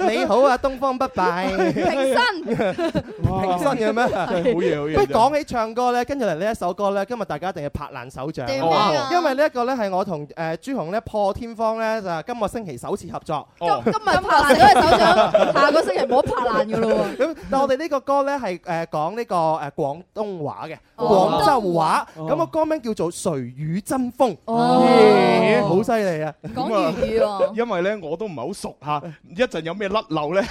你好啊東方不敗，平身，平身嘅咩？好嘢，好嘢！講起唱歌咧，跟住嚟，呢一首歌咧，今日大家一定要拍爛手掌，因為呢一個咧係我同誒朱紅咧破天荒咧，就今個星期首次合作。今日拍爛咗手掌，下個星期唔好拍爛噶啦。咁，但我哋呢個歌咧係誒講呢個誒廣東話嘅廣州話，咁個歌名叫做《誰與爭鋒》。哦，犀利啊！講粵語喎，因為咧我都唔係好熟嚇，一陣有咩甩漏咧，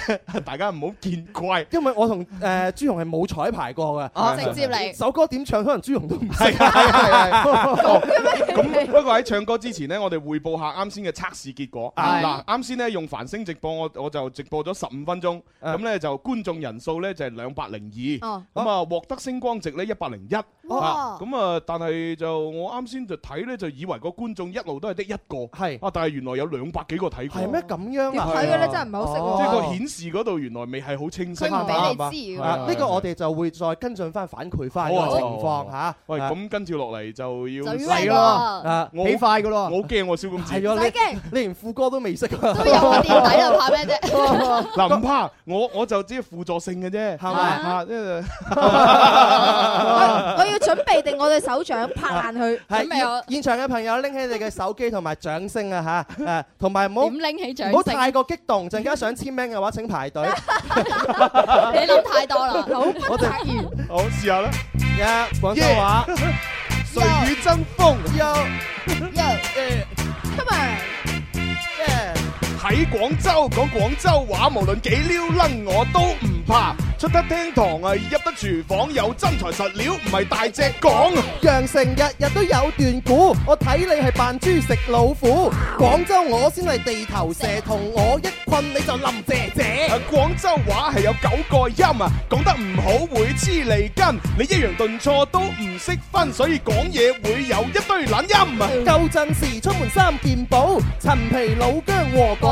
大家唔好見怪。因為我同誒朱紅係冇彩排過嘅，我直接嚟。首歌點唱可能朱紅都唔識。係啊係啊係啊！咁不過喺唱歌之前咧，我哋彙報下啱先嘅測試結果。嗱，啱先咧用繁星直播，我我就直播咗十五分鐘，咁咧就觀眾人數咧就係兩百零二，咁啊獲得星光值咧一百零一。咁啊！但係就我啱先就睇咧，就以為個觀眾一路都係得一個，係啊！但係原來有兩百幾個睇過，係咩咁樣啊？睇嘅咧真係唔好識喎！即係個顯示嗰度原來未係好清晰，俾你知，呢個我哋就會再跟進翻、反饋翻個情況嚇。喂，咁跟住落嚟就要死咯！起快嘅咯，我好驚我燒咁熱，唔使驚，你連副歌都未識，都有我墊底啊，怕咩啫？嗱唔怕，我我就只輔助性嘅啫，嚇！即係我要。準備定我哋手掌拍爛佢。係現場嘅朋友拎起你嘅手機同埋掌聲啊嚇，誒同埋唔好點拎起掌聲？唔好太過激動，陣間想簽名嘅話請排隊。你諗太多啦。好，我哋好試下啦。一廣東話，誰與爭鋒？Yo yo come on yeah。喺廣州講廣州話，無論幾撩楞我都唔怕，出得廳堂啊入得廚房，有真材實料唔係大隻講。羊城日日都有段古。我睇你係扮豬食老虎。廣州我先係地頭蛇，同我一困你就冧姐姐。啊、廣州話係有九個音啊，講得唔好會黐脷根，你抑揚頓挫都唔識分，所以講嘢會有一堆懶音。啊、嗯。舊陣時出門三件寶，陳皮老薑和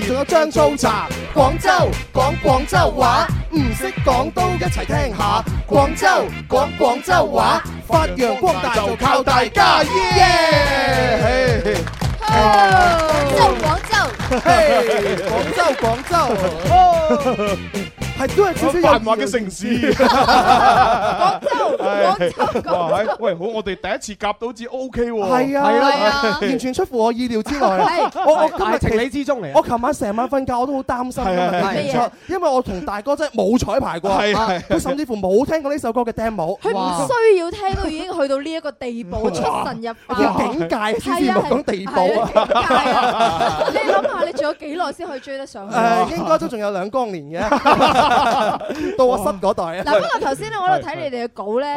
仲有張粗茶，廣州講廣州話，唔識廣東一齊聽一下。廣州講廣州話，發揚光大就靠大家。耶、yeah!！廣州廣州，廣州廣州，係都係少少有粵話嘅城市。廣州，廣州，哇！喂，好，我哋第一次夾到至 OK 喎。係啊，係啊，啊啊完全出乎我意料之外。 哎、我我今日、哎、情理之中嚟我琴晚。成晚瞓覺我都好擔心嘅，因為我同大哥真係冇彩排過，佢甚至乎冇聽過呢首歌嘅 demo。佢唔需要聽，佢已經去到呢一個地步，出神入化，要境界先咁地步。你諗下，你仲有幾耐先可以追得上去？應該都仲有兩光年嘅，到我室嗰代。嗱，不過頭先咧，我喺度睇你哋嘅稿咧，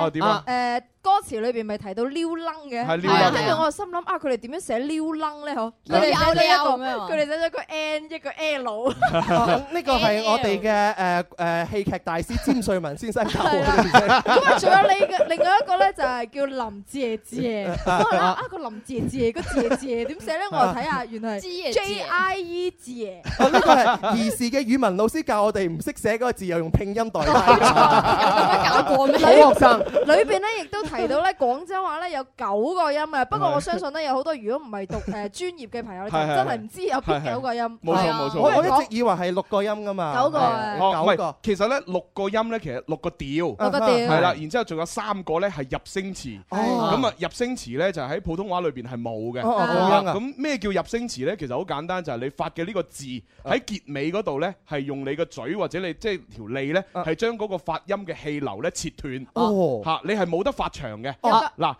誒。歌詞裏邊咪提到撩楞嘅，跟住我心諗啊，佢哋點樣寫撩楞咧？嗬，佢哋寫咗一個，佢哋寫咗個 n 一個 l。呢個係我哋嘅誒誒戲劇大師詹瑞文先生咁啊，仲有另一個咧，就係叫林謝謝。啊個林謝謝個謝謝點寫咧？我睇下，原來 J I E 謝。呢個係兒時嘅語文老師教我哋唔識寫嗰個字，又用拼音代。假過咩？學生裏邊咧，亦都提到咧廣州話咧有九個音啊，不過我相信咧有好多如果唔係讀誒專業嘅朋友，真係唔知有邊九個音。冇錯冇錯，我一直以為係六個音噶嘛。九個九個。其實咧六個音咧，其實六個調，六個調係啦。然之後仲有三個咧係入聲詞，咁啊入聲詞咧就喺普通話裏邊係冇嘅。咁咩叫入聲詞咧？其實好簡單，就係你發嘅呢個字喺結尾嗰度咧，係用你個嘴或者你即係條脷咧，係將嗰個發音嘅氣流咧切斷。哦，嚇你係冇得發長嘅嗱，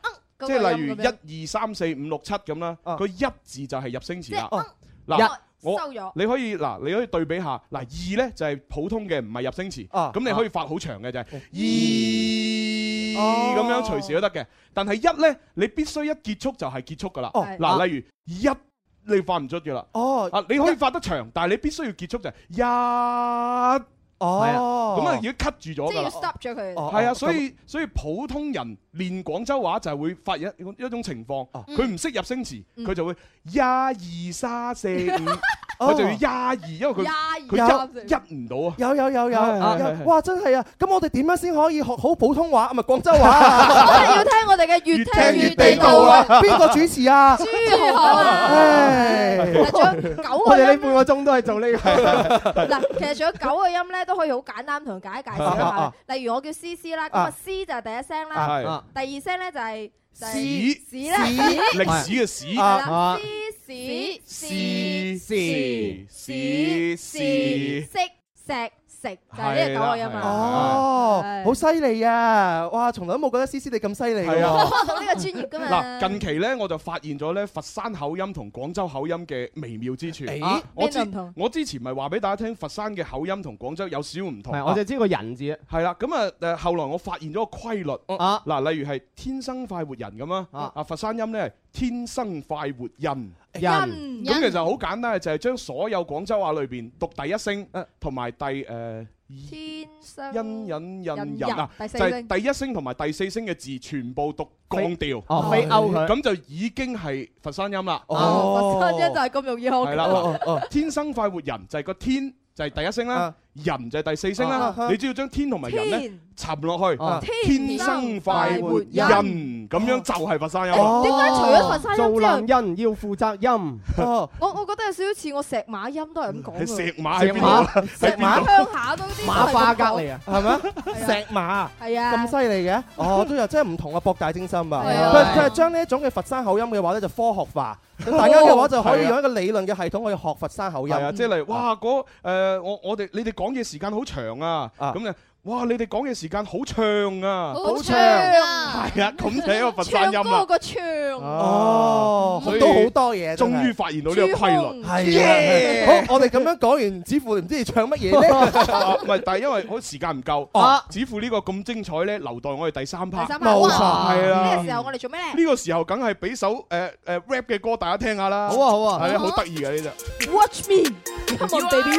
即係例如一二三四五六七咁啦，個一字就係入聲詞啦。嗱，我你可以嗱，你可以對比下，嗱二咧就係普通嘅，唔係入聲詞。咁你可以發好長嘅就係二咁樣，隨時都得嘅。但係一咧，你必須一結束就係結束噶啦。嗱，例如一你發唔出噶啦。哦，啊，你可以發得長，但係你必須要結束就係一。哦，咁啊如果 cut 住咗，即係要 stop 咗佢。係啊，的啊所以所以普通人練廣州話就係會發現一一種情況，佢唔識入聲詞，佢、嗯、就會，一二三四五。 我仲要廿二，因為佢廿二，佢入入唔到啊！有有有有，哇！真係啊！咁我哋點樣先可以學好普通話？唔係廣州話，我哋要聽我哋嘅，越聽越地道啊！邊個主持啊？朱浩啊！唉，仲有九個，你呢半個鐘都係做呢個。嗱，其實仲有九個音咧，都可以好簡單同佢解一解。例如我叫思思啦，咁啊思就係第一聲啦，第二聲咧就係史史歷史嘅史。屎屎屎屎石石石，就係呢個音嘛。哦，oh, 的好犀利啊！哇，從來都冇覺得思思你咁犀利喎。係啊，呢個專業噶嘛。嗱，近期咧我就發現咗咧佛山口音同廣州口音嘅微妙之處。咦？我之我之前咪話俾大家聽，佛山嘅口音同廣州有少唔同。啊、我就知個人字啊。係啦，咁啊，誒，後來我發現咗個規律。啊，嗱，例如係天生快活人咁啊，啊，啊啊佛山音咧。天生快活人，人咁其實好簡單，就係將所有廣州話裏邊讀第一聲，同埋第誒，天生因引引人啊，就係第一聲同埋第四聲嘅字，全部讀降調，咁就已經係佛山音啦。哦，佛山音就係咁容易學嘅。天生快活人就係個天就係第一聲啦，人就係第四聲啦，你只要將天同埋人咧。沉落去，天生快活人，咁樣就係佛山音。點解除咗佛山音之後，做人要負責音。我我覺得有少少似我石馬音都係咁講嘅。石馬喺邊啊？喺鄉下都啲馬化隔籬啊，係咪啊？石馬係啊，咁犀利嘅。哦，都有。真係唔同啊，博大精深啊。佢佢係將呢一種嘅佛山口音嘅話咧，就科學化。大家嘅話就可以用一個理論嘅系統去學佛山口音。啊，即係例如哇，嗰誒我我哋你哋講嘢時間好長啊，咁咧。哇！你哋講嘅時間好長啊，好長啊，係啊，咁就係一個佛山音啦。唱歌個長哦，都好多嘢，終於發現到呢個規律，係啊。好，我哋咁樣講完，子父唔知你唱乜嘢咧。唔係，但係因為我時間唔夠，子父呢個咁精彩咧，留待我哋第三 part。冇錯，係啦。呢個時候我哋做咩咧？呢個時候梗係俾首誒誒 rap 嘅歌大家聽下啦。好啊，好啊，係啊，好得意啊呢度。Watch me, come on, baby.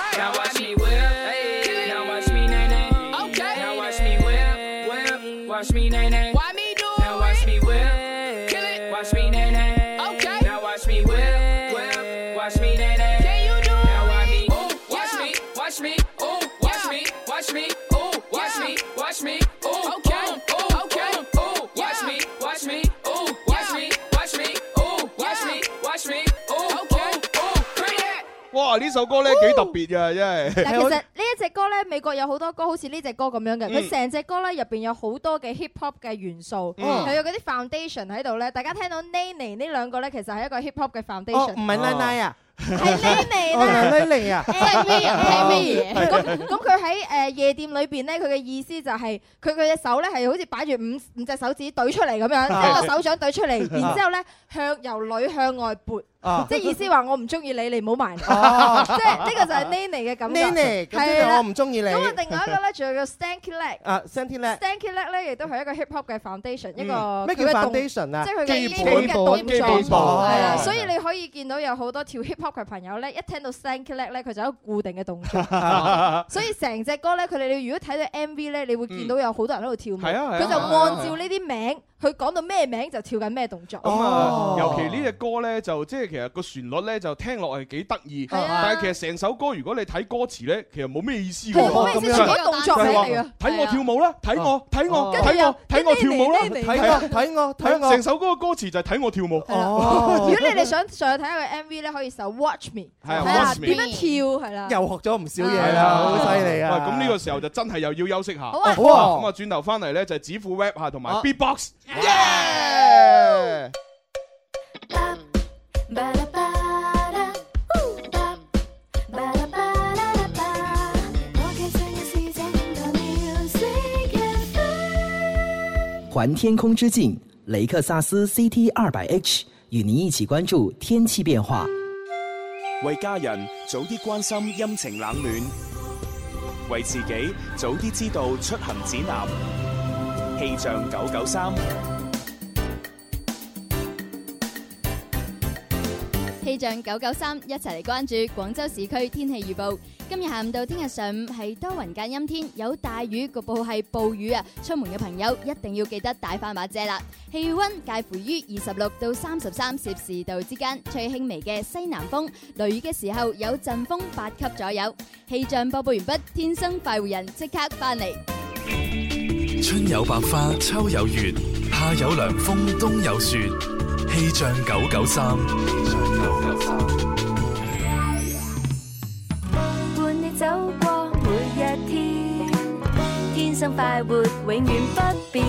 呢首歌咧幾特別嘅、啊，真係。但其實呢一隻歌咧，美國有好多歌好似、嗯、呢隻歌咁樣嘅，佢成隻歌咧入邊有好多嘅 hip hop 嘅元素，係、嗯、有嗰啲 foundation 喺度咧。大家聽到 Nanny 呢兩個咧，其實係一個 hip hop 嘅 foundation。唔係奶奶啊。啊係 n a n y 啦，Nene 啊，係咩嘢？係咩嘢？咁咁佢喺誒夜店裏邊咧，佢嘅意思就係佢佢隻手咧係好似擺住五五隻手指懟出嚟咁樣，一個手掌懟出嚟，然之後咧向由內向外撥，即係意思話我唔中意你，你唔好埋。即係呢個就係 n a n y 嘅感覺。n 我唔中意你。咁啊，另外一個咧仲有叫 Stanky Leg s t a n k y Leg。Stanky Leg 咧亦都係一個 hip hop 嘅 foundation，一個咩叫 foundation 即係佢嘅基本嘅動作。所以你可以見到有好多跳 hip hop。佢朋友咧一聽到 thank you 咧，佢就有一個固定嘅動作。 所以成隻歌咧，佢哋你如果睇到 MV 咧，你會見到有好多人喺度跳舞，佢、嗯、就按照呢啲名。佢講到咩名就跳緊咩動作。咁啊，尤其呢隻歌咧，就即係其實個旋律咧，就聽落係幾得意。係啊，但係其實成首歌如果你睇歌詞咧，其實冇咩意思嘅喎。冇咩意思，睇動作。係啊，睇我跳舞啦，睇我，睇我，睇我，睇我跳舞啦，睇我，睇我，睇我。成首歌嘅歌詞就係睇我跳舞。哦，如果你哋想上去睇下個 MV 咧，可以搜 Watch Me。係啊，Watch Me。點樣跳係啦？又學咗唔少嘢啦，好犀利啊！咁呢個時候就真係又要休息下。好啊，咁啊，轉頭翻嚟咧就係指虎 rap 吓同埋 Beatbox 環天空之境雷克薩斯 CT 二百 H 與你一起關注天氣變化，為家人早啲關心陰晴冷暖，為自己早啲知道出行指南。氣象九九三，氣象九九三，一齊嚟關注廣州市區天氣預報。今日下午到聽日上午係多雲間陰天，有大雨，局部係暴雨啊！出門嘅朋友一定要記得帶翻把遮啦。氣溫介乎於二十六到三十三攝氏度之間，吹輕微嘅西南風，雷雨嘅時候有陣風八級左右。氣象播報完畢，天生快活人即刻翻嚟。春有百花，秋有月，夏有涼風，冬有雪。氣象九九三。氣象九九三，伴 你樂 走過每一天，天生快活，永遠不變。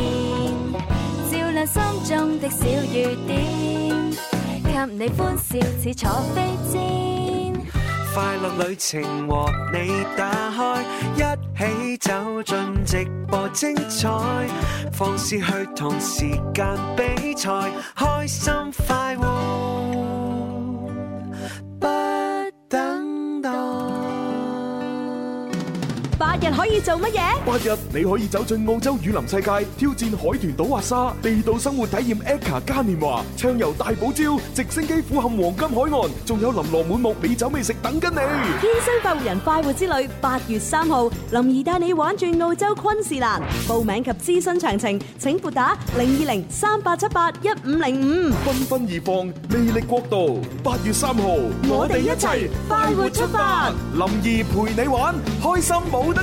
照亮心中的小雨點，給你歡笑，似坐飛氈。快樂旅程和你打開，一起走進直播精彩，放肆去同時間比賽，開心快活。人可以做乜嘢？八日你可以走進澳洲雨林世界，挑戰海豚島滑沙，地道生活體驗 Eka 嘉年華，暢遊大堡礁，直升機俯瞰黃金海岸，仲有琳琅滿目美酒美食等緊你。天生快活人快活之旅，八月三號，林怡帶你玩轉澳洲昆士蘭。報名及諮詢詳情，請撥打零二零三八七八一五零五。繽紛綻放，魅力國度。八月三號，我哋一齊快活出發。林怡陪你玩，開心冇得。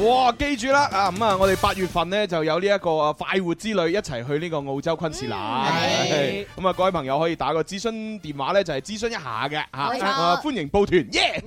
哇！記住啦，啊咁啊，我哋八月份呢就有呢一個啊快活之旅，一齊去呢個澳洲昆士蘭。咁啊，各位朋友可以打個諮詢電話咧，就係諮詢一下嘅嚇。唔錯，歡迎報團。耶！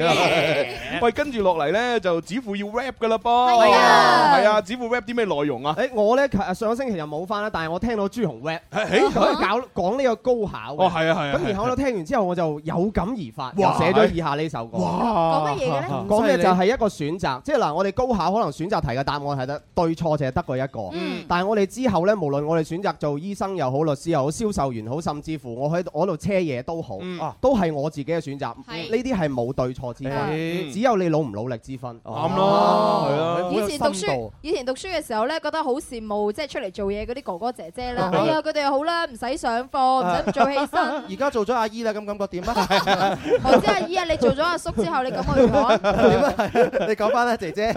喂，跟住落嚟咧，就指付要 rap 嘅啦噃。係啊，係啊，指付 rap 啲咩內容啊？誒，我咧上個星期就冇翻啦，但係我聽到朱紅 rap，佢搞講呢個高考。哦，係啊，係啊。咁然後咧，聽完之後我就有感而發，又寫咗以下呢首歌。哇！講乜嘢嘅咧？講嘅就係一個選擇，即係嗱，我哋高考。可能選擇題嘅答案係得對錯，就係得嗰一個，但係我哋之後咧，無論我哋選擇做醫生又好，律師又好，銷售員又好，甚至乎我喺度車嘢都好，都係我自己嘅選擇。呢啲係冇對錯之分，只有你努唔努力之分。啱咯，以前讀書，以前讀書嘅時候咧，覺得好羨慕，即係出嚟做嘢嗰啲哥哥姐姐啦。哎呀，佢哋又好啦，唔使上課，唔使做起身。而家做咗阿姨啦，咁感覺點啊？我知阿姨啊，你做咗阿叔之後，你咁去講你講翻啦，姐姐。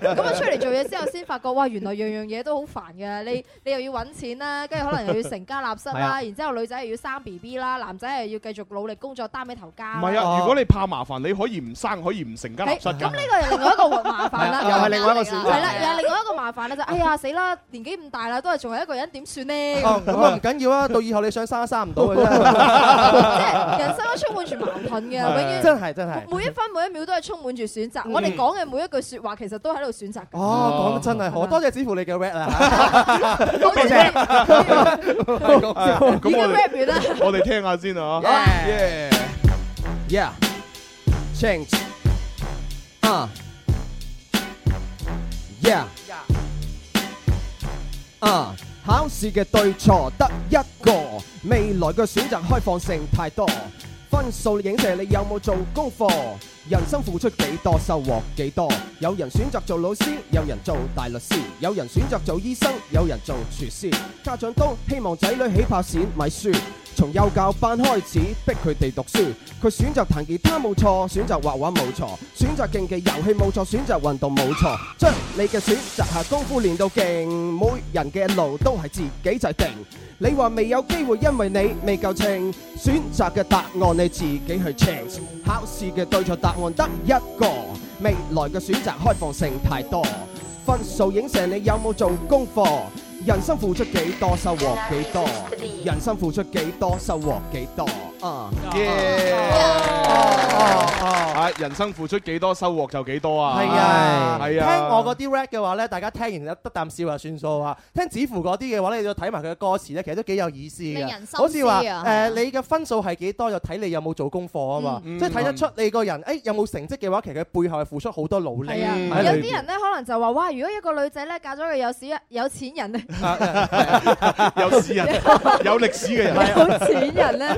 咁啊出嚟做嘢之後，先發覺哇，原來樣樣嘢都好煩㗎。你你又要揾錢啦，跟住可能又要成家立室啦， 是啊、然之後女仔又要生 B B 啦，男仔又要繼續努力工作擔起頭家。唔係啊，如果你怕麻煩，你可以唔生，可以唔成家立室。咁呢個係另外一個麻煩啦。 又係另外一個事 啦。 啊、又係另外一個麻煩啦。就哎呀死啦，年紀咁大啦，都係仲係一個人點算呢？咁啊唔緊要啊，到以後你想生都生唔到嘅。 即係人生都充滿住矛盾嘅， 啊、永遠真係真係。每一分每一秒都係充滿住選擇。我哋講嘅每一句説話，其實都喺哦，講得真係好，多謝支付你嘅 rap 啦。咁我哋聽下先啦。啊，yeah，yeah，change，啊，yeah 啊，考試嘅對錯得一個，未來嘅選擇開放性太多。分數影射你有冇做功課，人生付出幾多收穫幾多。有人選擇做老師，有人做大律師，有人選擇做醫生，有人做廚師。家長都希望仔女起跑線咪輸。從幼教班開始逼佢哋讀書，佢選擇彈吉他冇錯，選擇畫畫冇錯，選擇競技遊戲冇錯，選擇運動冇錯。將你嘅選擇下功夫練到勁，每人嘅路都係自己制定。你話未有機會，因為你未夠稱。選擇嘅答案你自己去 change，考試嘅對錯答案得一個，未來嘅選擇開放性太多，分數影射你有冇做功課。人生付出幾多，收穫幾多； 人生付出幾多，收穫幾多。哦，係人生付出幾多，收穫就幾多啊！係啊，係啊。聽我嗰啲 rap 嘅話咧，大家聽完一得啖笑就算數啊。聽子符嗰啲嘅話咧，你就睇埋佢嘅歌詞咧，其實都幾有意思嘅。好似話誒，你嘅分數係幾多就睇你有冇做功課啊嘛，即係睇得出你個人誒有冇成績嘅話，其實佢背後係付出好多努力。有啲人咧可能就話：哇，如果一個女仔咧嫁咗個有史有錢人咧，有史人有歷史嘅人，有錢人咧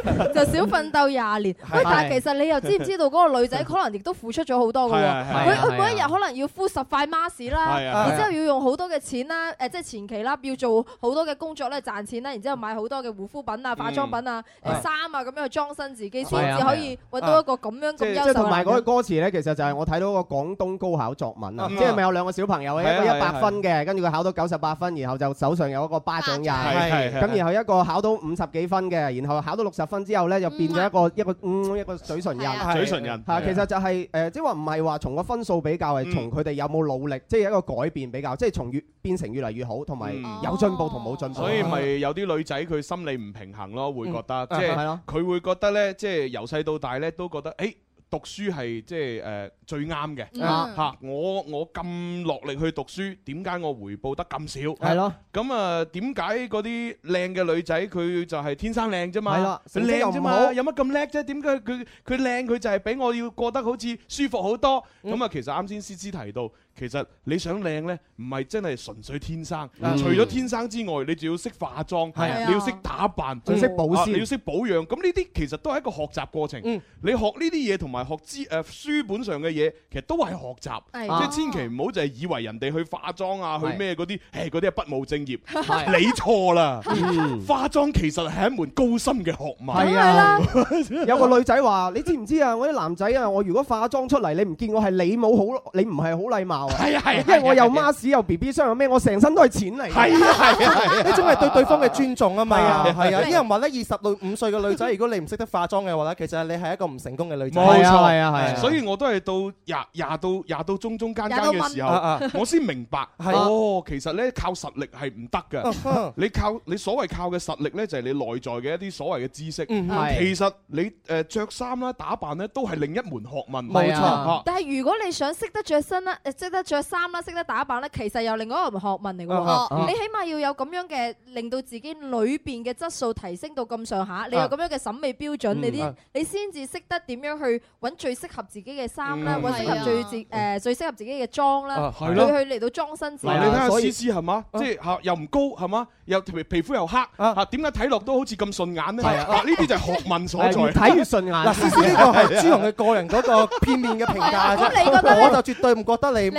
少奮鬥廿年，喂！但係其實你又知唔知道個女仔可能亦都付出咗好多嘅喎？佢佢 每一日可能要敷十塊 mask 啦， 然之後要用好多嘅錢啦，誒即係前期啦，要做好多嘅工作咧賺錢啦，然之後買好多嘅護膚品啊、化妝品啊、誒衫啊咁樣去裝身自己，先至可以揾到一個咁樣咁優秀。即係同埋嗰句歌詞咧，其實就係我睇到個廣東高考作文啊， 即係咪有兩個小朋友一個一百分嘅，跟住佢考到九十八分，然後就手上有一個巴掌印。咁 然後一個考到五十幾分嘅，然後考到六十分之後咧。又變咗一個一個嗯一個嘴唇人，嘴唇人嚇，其實就係誒，即係話唔係話從個分數比較，係從佢哋有冇努力，即係一個改變比較，即係從越變成越嚟越好，同埋有進步同冇進步。所以咪有啲女仔佢心理唔平衡咯，會覺得即係佢會覺得咧，即係由細到大咧都覺得誒。讀書係即係最啱嘅嚇，我我咁落力去讀書，點解我回報得咁少？係咯的，咁啊點解嗰啲靚嘅女仔佢就係天生靚啫嘛，靚啫嘛，有乜咁叻啫？點解佢佢靚佢就係俾我要過得好似舒服好多？咁、嗯、啊，其實啱先思思提到。其實你想靚呢，唔係真係純粹天生。除咗天生之外，你仲要識化妝，你要識打扮，要識保，你要識保養。咁呢啲其實都係一個學習過程。你學呢啲嘢同埋學知誒書本上嘅嘢，其實都係學習。即係千祈唔好就係以為人哋去化妝啊，去咩嗰啲，誒嗰啲係不務正業。你錯啦，化妝其實係一門高深嘅學問。係啊，有個女仔話：你知唔知啊？我啲男仔啊，我如果化妝出嚟，你唔見我係你冇好，你唔係好禮貌。係啊係，因為我有孖屎有 B B 霜有咩，我成身都係錢嚟。係啊係啊，呢種係對對方嘅尊重啊嘛。係啊，啲人話咧，二十到五歲嘅女仔，如果你唔識得化妝嘅話咧，其實你係一個唔成功嘅女仔。冇錯係啊係啊，所以我都係到廿廿到廿到中中間間嘅時候，我先明白，哦，其實咧靠實力係唔得㗎。你靠你所謂靠嘅實力咧，就係你內在嘅一啲所謂嘅知識。其實你誒著衫啦打扮咧，都係另一門學問。冇錯，但係如果你想識得着身啦，誒着衫啦，識得打扮咧，其實又另外一個學問嚟㗎喎。你起碼要有咁樣嘅，令到自己裏邊嘅質素提升到咁上下，你有咁樣嘅審美標準，你啲你先至識得點樣去揾最適合自己嘅衫啦，揾適合最自誒最適合自己嘅裝啦。去去嚟到裝身自己。嗱，你睇下思思係嘛，即係嚇又唔高係嘛，又皮皮膚又黑嚇，點解睇落都好似咁順眼咧？嗱，呢啲就係學問所在，睇越順眼。思思呢個係朱紅嘅個人嗰個片面嘅評價。我就絕對唔覺得你。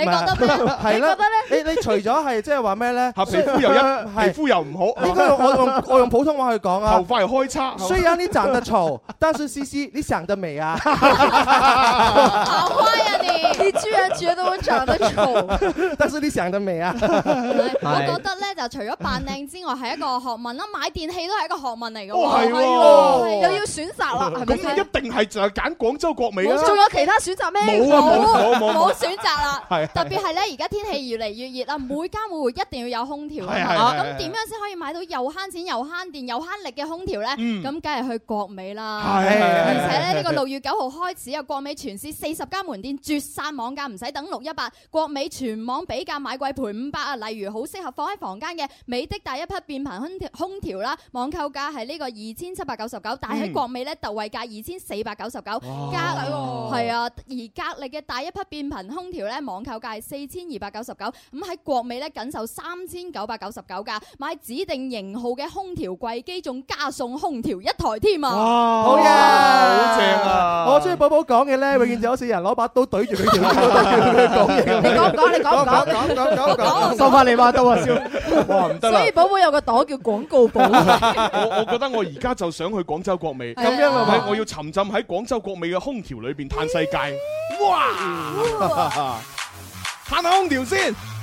係啦，得啦，你你除咗係即係話咩咧？皮膚又一，皮膚又唔好。我用我用普通話去講啊。頭髮又開叉。雖然你長得醜，但是 C C，你想得美啊！好話呀，你你居然覺得我長得醜？但是你想得美啊？我覺得咧，就除咗扮靚之外，係一個學問啦。買電器都係一個學問嚟嘅喎，係喎，又要選擇啦。咁一定係就揀廣州國美啦。仲有其他選擇咩？冇冇冇冇選擇啦。係。特別係咧，而家天氣越嚟越熱啦， 每家每戶一定要有空調㗎嘛。咁點樣先可以買到又慳錢又慳電又慳力嘅空調呢？咁梗係去國美啦。 而且咧呢個六月九號開始啊，國美全市四十家門店絕殺網價，唔使等六一八。國美全網比價買貴賠五百啊！例如好適合放喺房間嘅美的大一匹變頻空調，空調啦，網購價係呢個二千七百九十九，但喺國美呢，特惠、嗯、價二千四百九十九。係、哦哦、啊，而格力嘅大一匹變頻空調呢，網購。界四千二百九十九，咁喺國美咧僅售三千九百九十九價，買指定型號嘅空調櫃機仲加送空調一台添啊！哇，好嘢，好正啊！我中意寶寶講嘅咧，永遠就好似人攞把刀懟住佢講嘢咁。你講講，你講唔講？講講講講，受罰你話得啊？燒哇唔得啦！所以寶寶有個袋叫廣告寶。我我覺得我而家就想去廣州國美，係咪？我要沉浸喺廣州國美嘅空調裏邊嘆世界。哇！嘆下空調先。啊嗯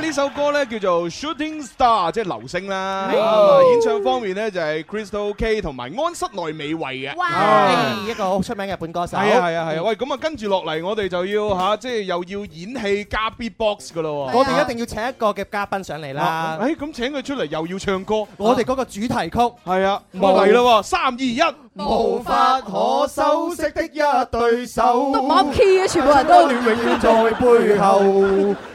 呢首歌咧叫做 Shooting Star，即係流星啦。演唱方面咧就係 Crystal K 同埋安室奈美惠嘅。哇！一個好出名嘅日本歌手。係啊係啊係啊。喂，咁啊跟住落嚟，我哋就要吓，即係又要演戲加 Beatbox 噶咯。我哋一定要請一個嘅嘉賓上嚟啦。誒，咁請佢出嚟又要唱歌，我哋嗰個主題曲。係啊，落嚟咯，三二一。無法可修飾的一對手，勾連永遠在背後，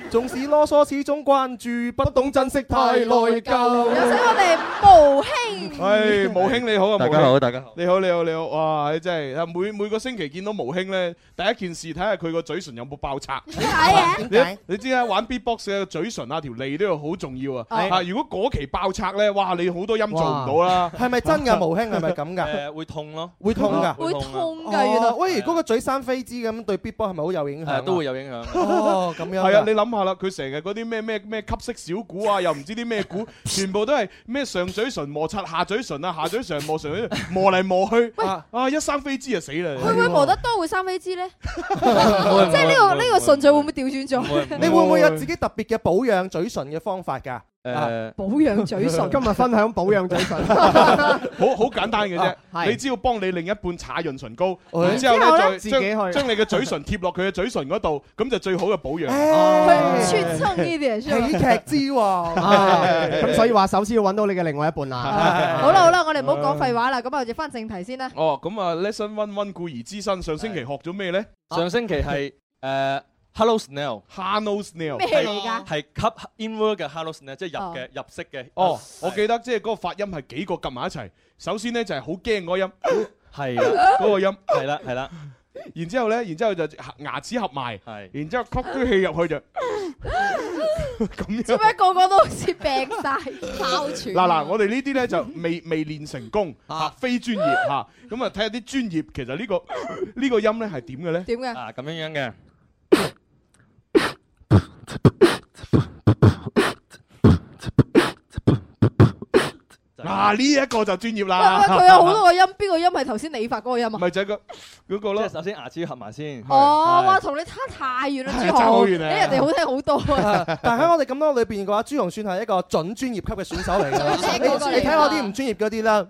縱使囉嗦始終關注，不懂珍惜太內疚。有請我哋毛兄。誒，毛兄你好啊，大家好，大家好，你好，你好，你好，哇，你真係每每個星期見到毛兄咧，第一件事睇下佢個嘴唇有冇爆拆？點解嘅？點解？你知啦，玩 Beatbox 嘅嘴唇啊，條脷都要好重要啊。係啊。啊，如果嗰期爆拆咧，哇，你好多音做唔到啦。係咪真嘅毛兄係咪咁噶？誒，會。痛咯，會痛噶，會痛噶，原來。喂，嗰個嘴生飛滋咁，對 beatbox 係咪好有影響？都會有影響。哦，咁樣。係啊，你諗下啦，佢成日嗰啲咩咩咩吸式小鼓啊，又唔知啲咩鼓，全部都係咩上嘴唇摩擦下嘴唇啊，下嘴唇磨唇，磨嚟磨去喂！啊一生飛滋就死啦。會唔會磨得多會生飛滋咧？即係呢個呢個順序會唔會調轉咗？你會唔會有自己特別嘅保養嘴唇嘅方法噶？誒，保養嘴唇，今日分享保養嘴唇，好好簡單嘅啫。你只要幫你另一半搽潤唇膏，然之後咧，己去將你嘅嘴唇貼落佢嘅嘴唇嗰度，咁就最好嘅保養。青呢啲嘢，喜劇之咁，所以話首先要揾到你嘅另外一半啦。好啦好啦，我哋唔好講廢話啦，咁我哋翻正題先啦。哦，咁啊，Lesson One o 故而知新，上星期學咗咩咧？上星期係誒。Hello Snell，Hello Snell，咩戲嚟噶？係吸 inward 嘅 Hello Snell，即係入嘅入息嘅。哦，我記得即係嗰個發音係幾個夾埋一齊。首先咧就係好驚嗰個音，係啦，嗰個音，係啦係啦。然之後咧，然之後就牙齒合埋，係。然之後吸啲氣入去就咁樣。做咩個個都好似病晒哮喘？嗱嗱，我哋呢啲咧就未未練成功，吓非專業吓。咁啊睇下啲專業，其實呢個呢個音咧係點嘅咧？點嘅？啊咁樣樣嘅。嗱，呢一個就專業啦。佢有好多個音，邊個音係頭先你發嗰個音啊？咪就係個嗰個咯。即係首先牙齒合埋先。哦，同你差太遠啦，朱雄，比人哋好聽好多。但係喺我哋咁多裏邊嘅話，朱雄算係一個準專業級嘅選手嚟嘅。你睇我啲唔專業嗰啲啦。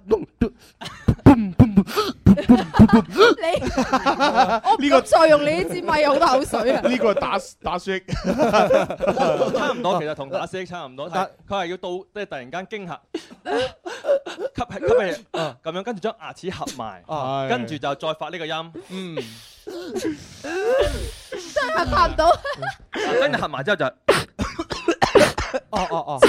你呢個再用你呢支咪有好多口水啊！呢個打打息， 差唔多其實同打息差唔多。但佢係要到即係突然間驚嚇，吸氣吸氣，咁樣跟住將牙齒合埋，跟住、哎、就再發呢個音。 嗯，真係 拍唔不到。 啊、跟住合埋之後就。哦哦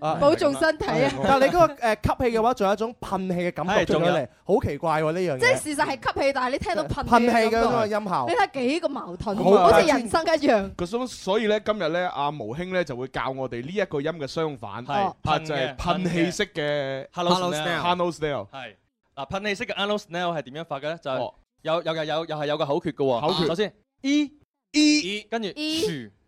哦，保重身體啊！但係你嗰個誒吸氣嘅話，仲有一種噴氣嘅感覺出咗嚟，好奇怪喎呢樣嘢！即係事實係吸氣，但係你聽到噴氣嘅音效，你睇幾個矛盾，好似人生一樣。咁所以咧，今日咧，阿毛兄咧就會教我哋呢一個音嘅相反，係拍就係噴氣式嘅。Hello Snail，Hello Snail，係嗱，噴氣式嘅。Hello Snail 係點樣發嘅咧？就係有有有又係有個口訣嘅喎。口訣，首先 E E，跟住。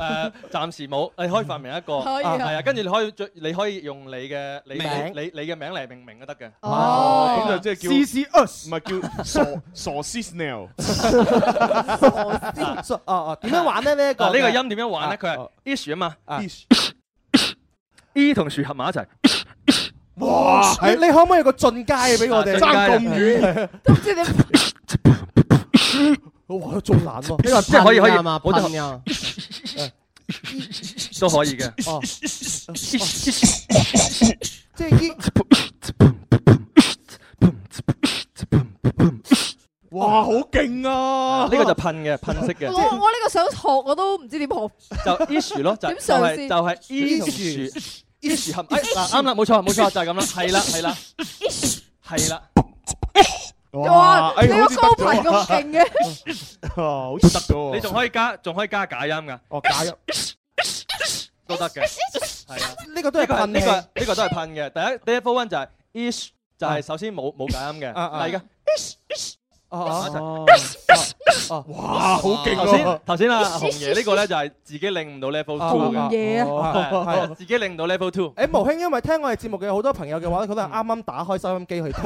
誒，暫時冇，你可以發明一個，係啊，跟住你可以，你可以用你嘅你名，你你嘅名嚟命名都得嘅。哦，咁就即係叫 C C Us，唔係叫傻傻 C Snail。傻傻哦哦，點樣玩咧呢個？呢個音點樣玩咧？佢係 ish 啊嘛，ish ish e 同樹合埋一齊。哇！你可唔可以個進階俾我哋？爭咁遠，即係你哇，仲難喎！即係可以可以，我哋。都可以嘅。即哇，哇哇好勁啊！呢個就噴嘅，噴色嘅。我我呢個想學，我都唔知點學。就 ish 咯，就係就係 ish 同 ish 嗱，啱啦，冇錯冇錯，就係咁啦，係啦係啦，係啦。哇！哎、你個高頻咁勁嘅，哦、啊，好似得咗喎。你仲可以加，仲可以加假音㗎。哦，假音，都得嘅。呢個都係噴呢個呢、這個都係噴嘅。第一第一波 one 就係、是、ish，就係、是、首先冇冇假音嘅，係嘅、嗯。ish ish 哦。啊哇，好勁！頭先頭先啊，紅爺呢個咧就係自己領唔到 level two 嘅，紅爺啊，係自己領唔到 level two。誒，毛興，因為聽我哋節目嘅好多朋友嘅話咧，佢都係啱啱打開收音機去聽，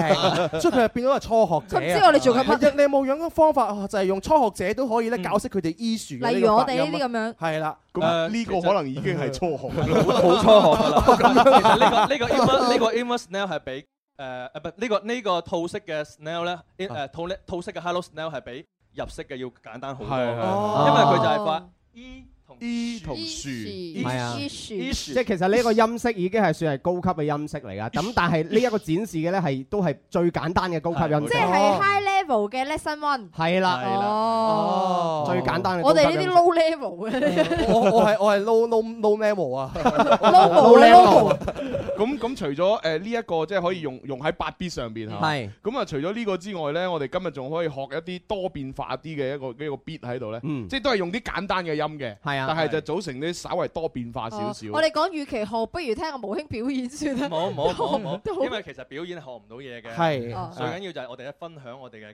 所以佢變咗個初學者。唔知我哋做緊乜？你有冇樣嘅方法就係用初學者都可以咧搞識佢哋 issue？例如我哋呢啲咁樣。係啦，誒，呢個可能已經係初學，好初學啦。咁其實呢個呢個 amus 呢個 amus snail 係俾誒誒，不呢個呢個套式嘅 snail 咧，誒套套式嘅 hello snail 係俾。入式嘅要簡單好多，因為佢就係發 E 同樹，即係其實呢個音色已經係算係高級嘅音色嚟噶。咁但係呢一個展示嘅咧係都係最簡單嘅高級音色。嘅 lesson one 係啦，哦，最簡單嘅。我哋呢啲 low level 嘅，我我係我係 low low low level 啊，low level。咁咁除咗誒呢一個即係可以用用喺八 beat 上邊吓，係咁啊，除咗呢個之外咧，我哋今日仲可以學一啲多變化啲嘅一個呢個 beat 喺度咧，即係都係用啲簡單嘅音嘅，係啊，但係就組成啲稍微多變化少少。我哋講與其學不如聽個無興表演先啦。冇冇冇因為其實表演學唔到嘢嘅，係，最緊要就係我哋一分享我哋嘅。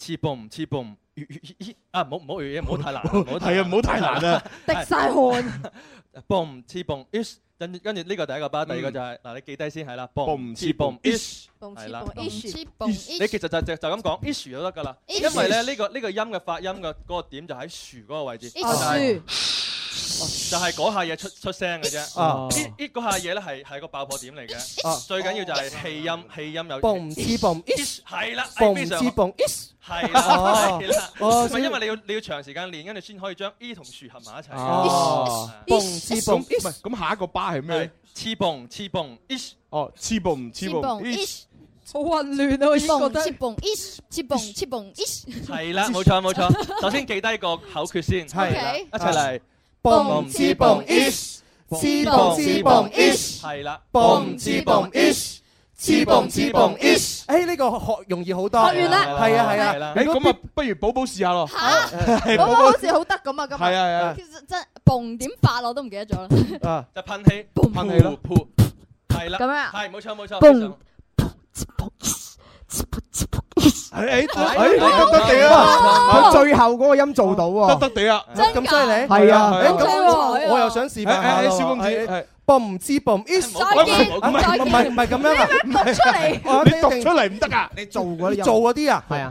刺蹦刺蹦， 啊唔好唔好唔好太難，係啊唔好太難啊，滴曬汗。蹦刺蹦，跟跟住呢個第一個吧，第二、嗯、個就係、是、嗱，你記低先係啦，蹦刺蹦，係啦，蹦刺蹦。你其實就就就咁講，sh 就得㗎啦，因為咧呢、呢個呢、呢個音嘅發音嘅嗰個點就喺 sh 嗰個位置。就係嗰下嘢出出聲嘅啫，呢嗰下嘢咧係係個爆破點嚟嘅，最緊要就係氣音氣音有。嘣支嘣，係啦，嘣支嘣，係啦，係啦，係因為你要你要長時間練，跟住先可以將 E 同樹合埋一齊。嘣支嘣，唔係，咁下一個巴係咩？翅膀 is。哦，翅膀唔 is。好混亂啊！我覺得翅膀翅膀翅膀翅膀，係啦，冇錯冇錯，首先記低個口訣先，係，一齊嚟。蹦次蹦 ish，次蹦次蹦 ish，係啦，蹦次蹦 ish，次蹦次蹦 ish。哎，呢個學容易好多。學完啦，係啊，係啊。哎，咁啊，不如寶寶試下咯。吓，寶寶好似好得咁啊，咁啊。係啊，係啊。其實真係蹦點發我都唔記得咗啦。啊，就噴氣，噴氣咯。係啦。咁樣係冇錯冇錯。係誒，得得哋啊！佢最後嗰個音做到啊，得得哋啊，真咁犀利！係啊，我又想示範誒，小公主，boom，ch，boom，is，我唔再，唔係唔係唔係咁樣，唔讀出嚟，你讀出嚟唔得噶，你做嗰啲做嗰啲啊，係啊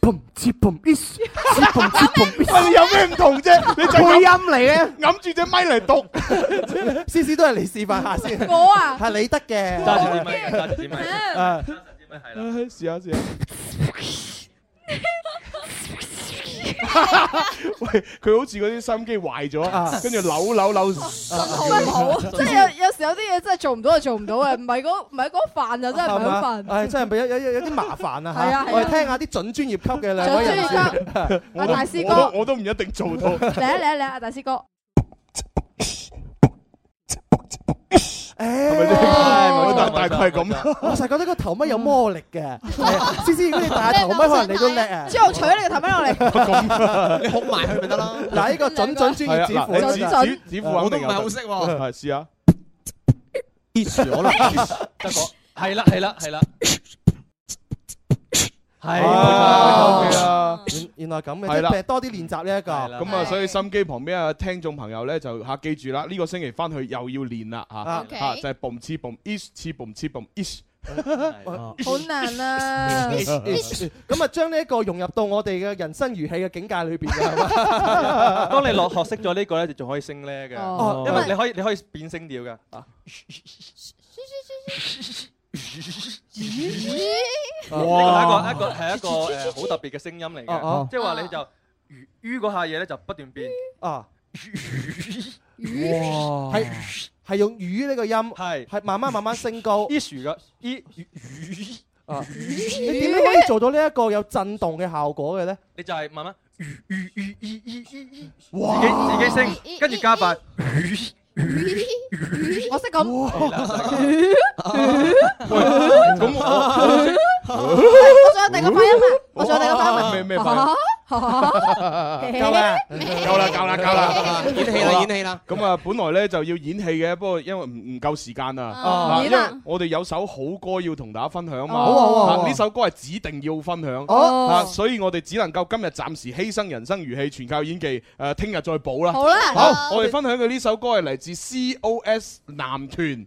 ，boom，ch，boom，is，boom，ch，boom，is，有咩唔同啫？你配音嚟啊，揞住隻咪嚟讀，C C 都係你示範下先，我啊，係你得嘅，揸住支咪，揸住支咪，啊。唉，試下試下。喂，佢好似嗰啲收音機壞咗啊！跟住扭扭扭。信號好？即係有有時有啲嘢真係做唔到就做唔到嘅，唔係嗰唔係嗰份就真係唔係嗰份。唉，真係咪有有有啲麻煩啊？係啊係啊，我哋聽下啲準專業級嘅啦。準專業級，我大師哥，我都唔一定做到。嚟啊嚟啊嚟啊，大師哥。係咪先？大大概係咁。我成日覺得個頭乜有魔力嘅，思思，如果你大頭乜可能你都叻啊！之後取你個頭乜落嚟，你撲埋去咪得咯？嗱，呢個準準專業指符，我都唔係好識，係試下，hit 我啦，得個，係啦，係啦，係啦。係啊、喔，原來咁嘅，即係啦多啲練習呢、這、一個。咁啊、嗯，所以心機旁邊啊，聽眾朋友咧就嚇記住啦，呢、這個星期翻去又要練啦 b OK，就 boom」，啊「ish，刺嘣刺嘣 ish，好難啊。咁啊、 嗯， 嗯、將呢一個融入到我哋嘅人生如戲嘅境界裏邊啊。 當你落學識咗呢個咧，就仲可以升 level 嘅，v 因為你可以你可以變聲調噶。啊。咦咦，呢個係一個一個係一個誒好特別嘅聲音嚟嘅，即係話你就於於嗰下嘢咧就不斷變啊，咦咦，哇，係係用於呢個音係係慢慢慢慢升高，依樹嘅依於於啊，你點樣可以做到呢一個有震動嘅效果嘅咧？你就係慢慢於於於於於於，哇，自己自己升，跟住加快。 我識講， 我仲有第二個發音啊，我仲有第二個發音啊。 夠咩？夠啦，夠啦，夠啦！演戲啦，演戲啦！咁啊，本來呢就要演戲嘅，不過因為唔唔夠時間啊，哦、因為我哋有首好歌要同大家分享嘛，呢、哦啊啊、首歌係指定要分享，哦啊、所以我哋只能夠今日暫時犧牲人生如戲，全靠演技，誒、啊，聽日再補啦。好啦，好，好好，我哋分享嘅呢首歌係嚟自 COS 男團。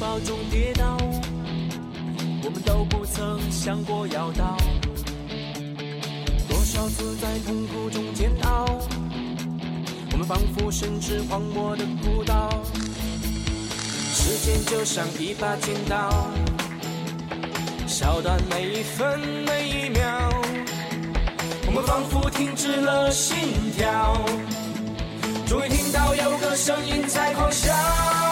抱中跌倒，我們都不曾想過要逃。多少次在痛苦中煎熬，我們仿佛身處荒漠的孤島。時間就像一把剪刀，削斷每一分每一秒。我們仿佛停止了心跳，終於聽到有個聲音在狂笑。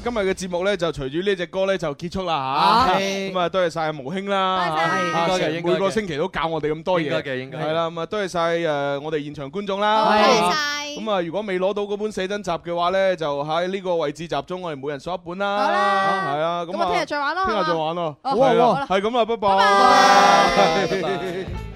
今日嘅節目咧就隨住呢隻歌咧就結束啦吓，咁啊多謝晒毛兄啦，係每個星期都教我哋咁多嘢嘅，係啦，咁啊多謝晒誒我哋現場觀眾啦，多謝晒！咁啊如果未攞到嗰本寫真集嘅話咧，就喺呢個位置集中，我哋每人數一本啦，係啊，咁啊，聽日再玩咯，聽日再玩咯，係咁啊，拜拜。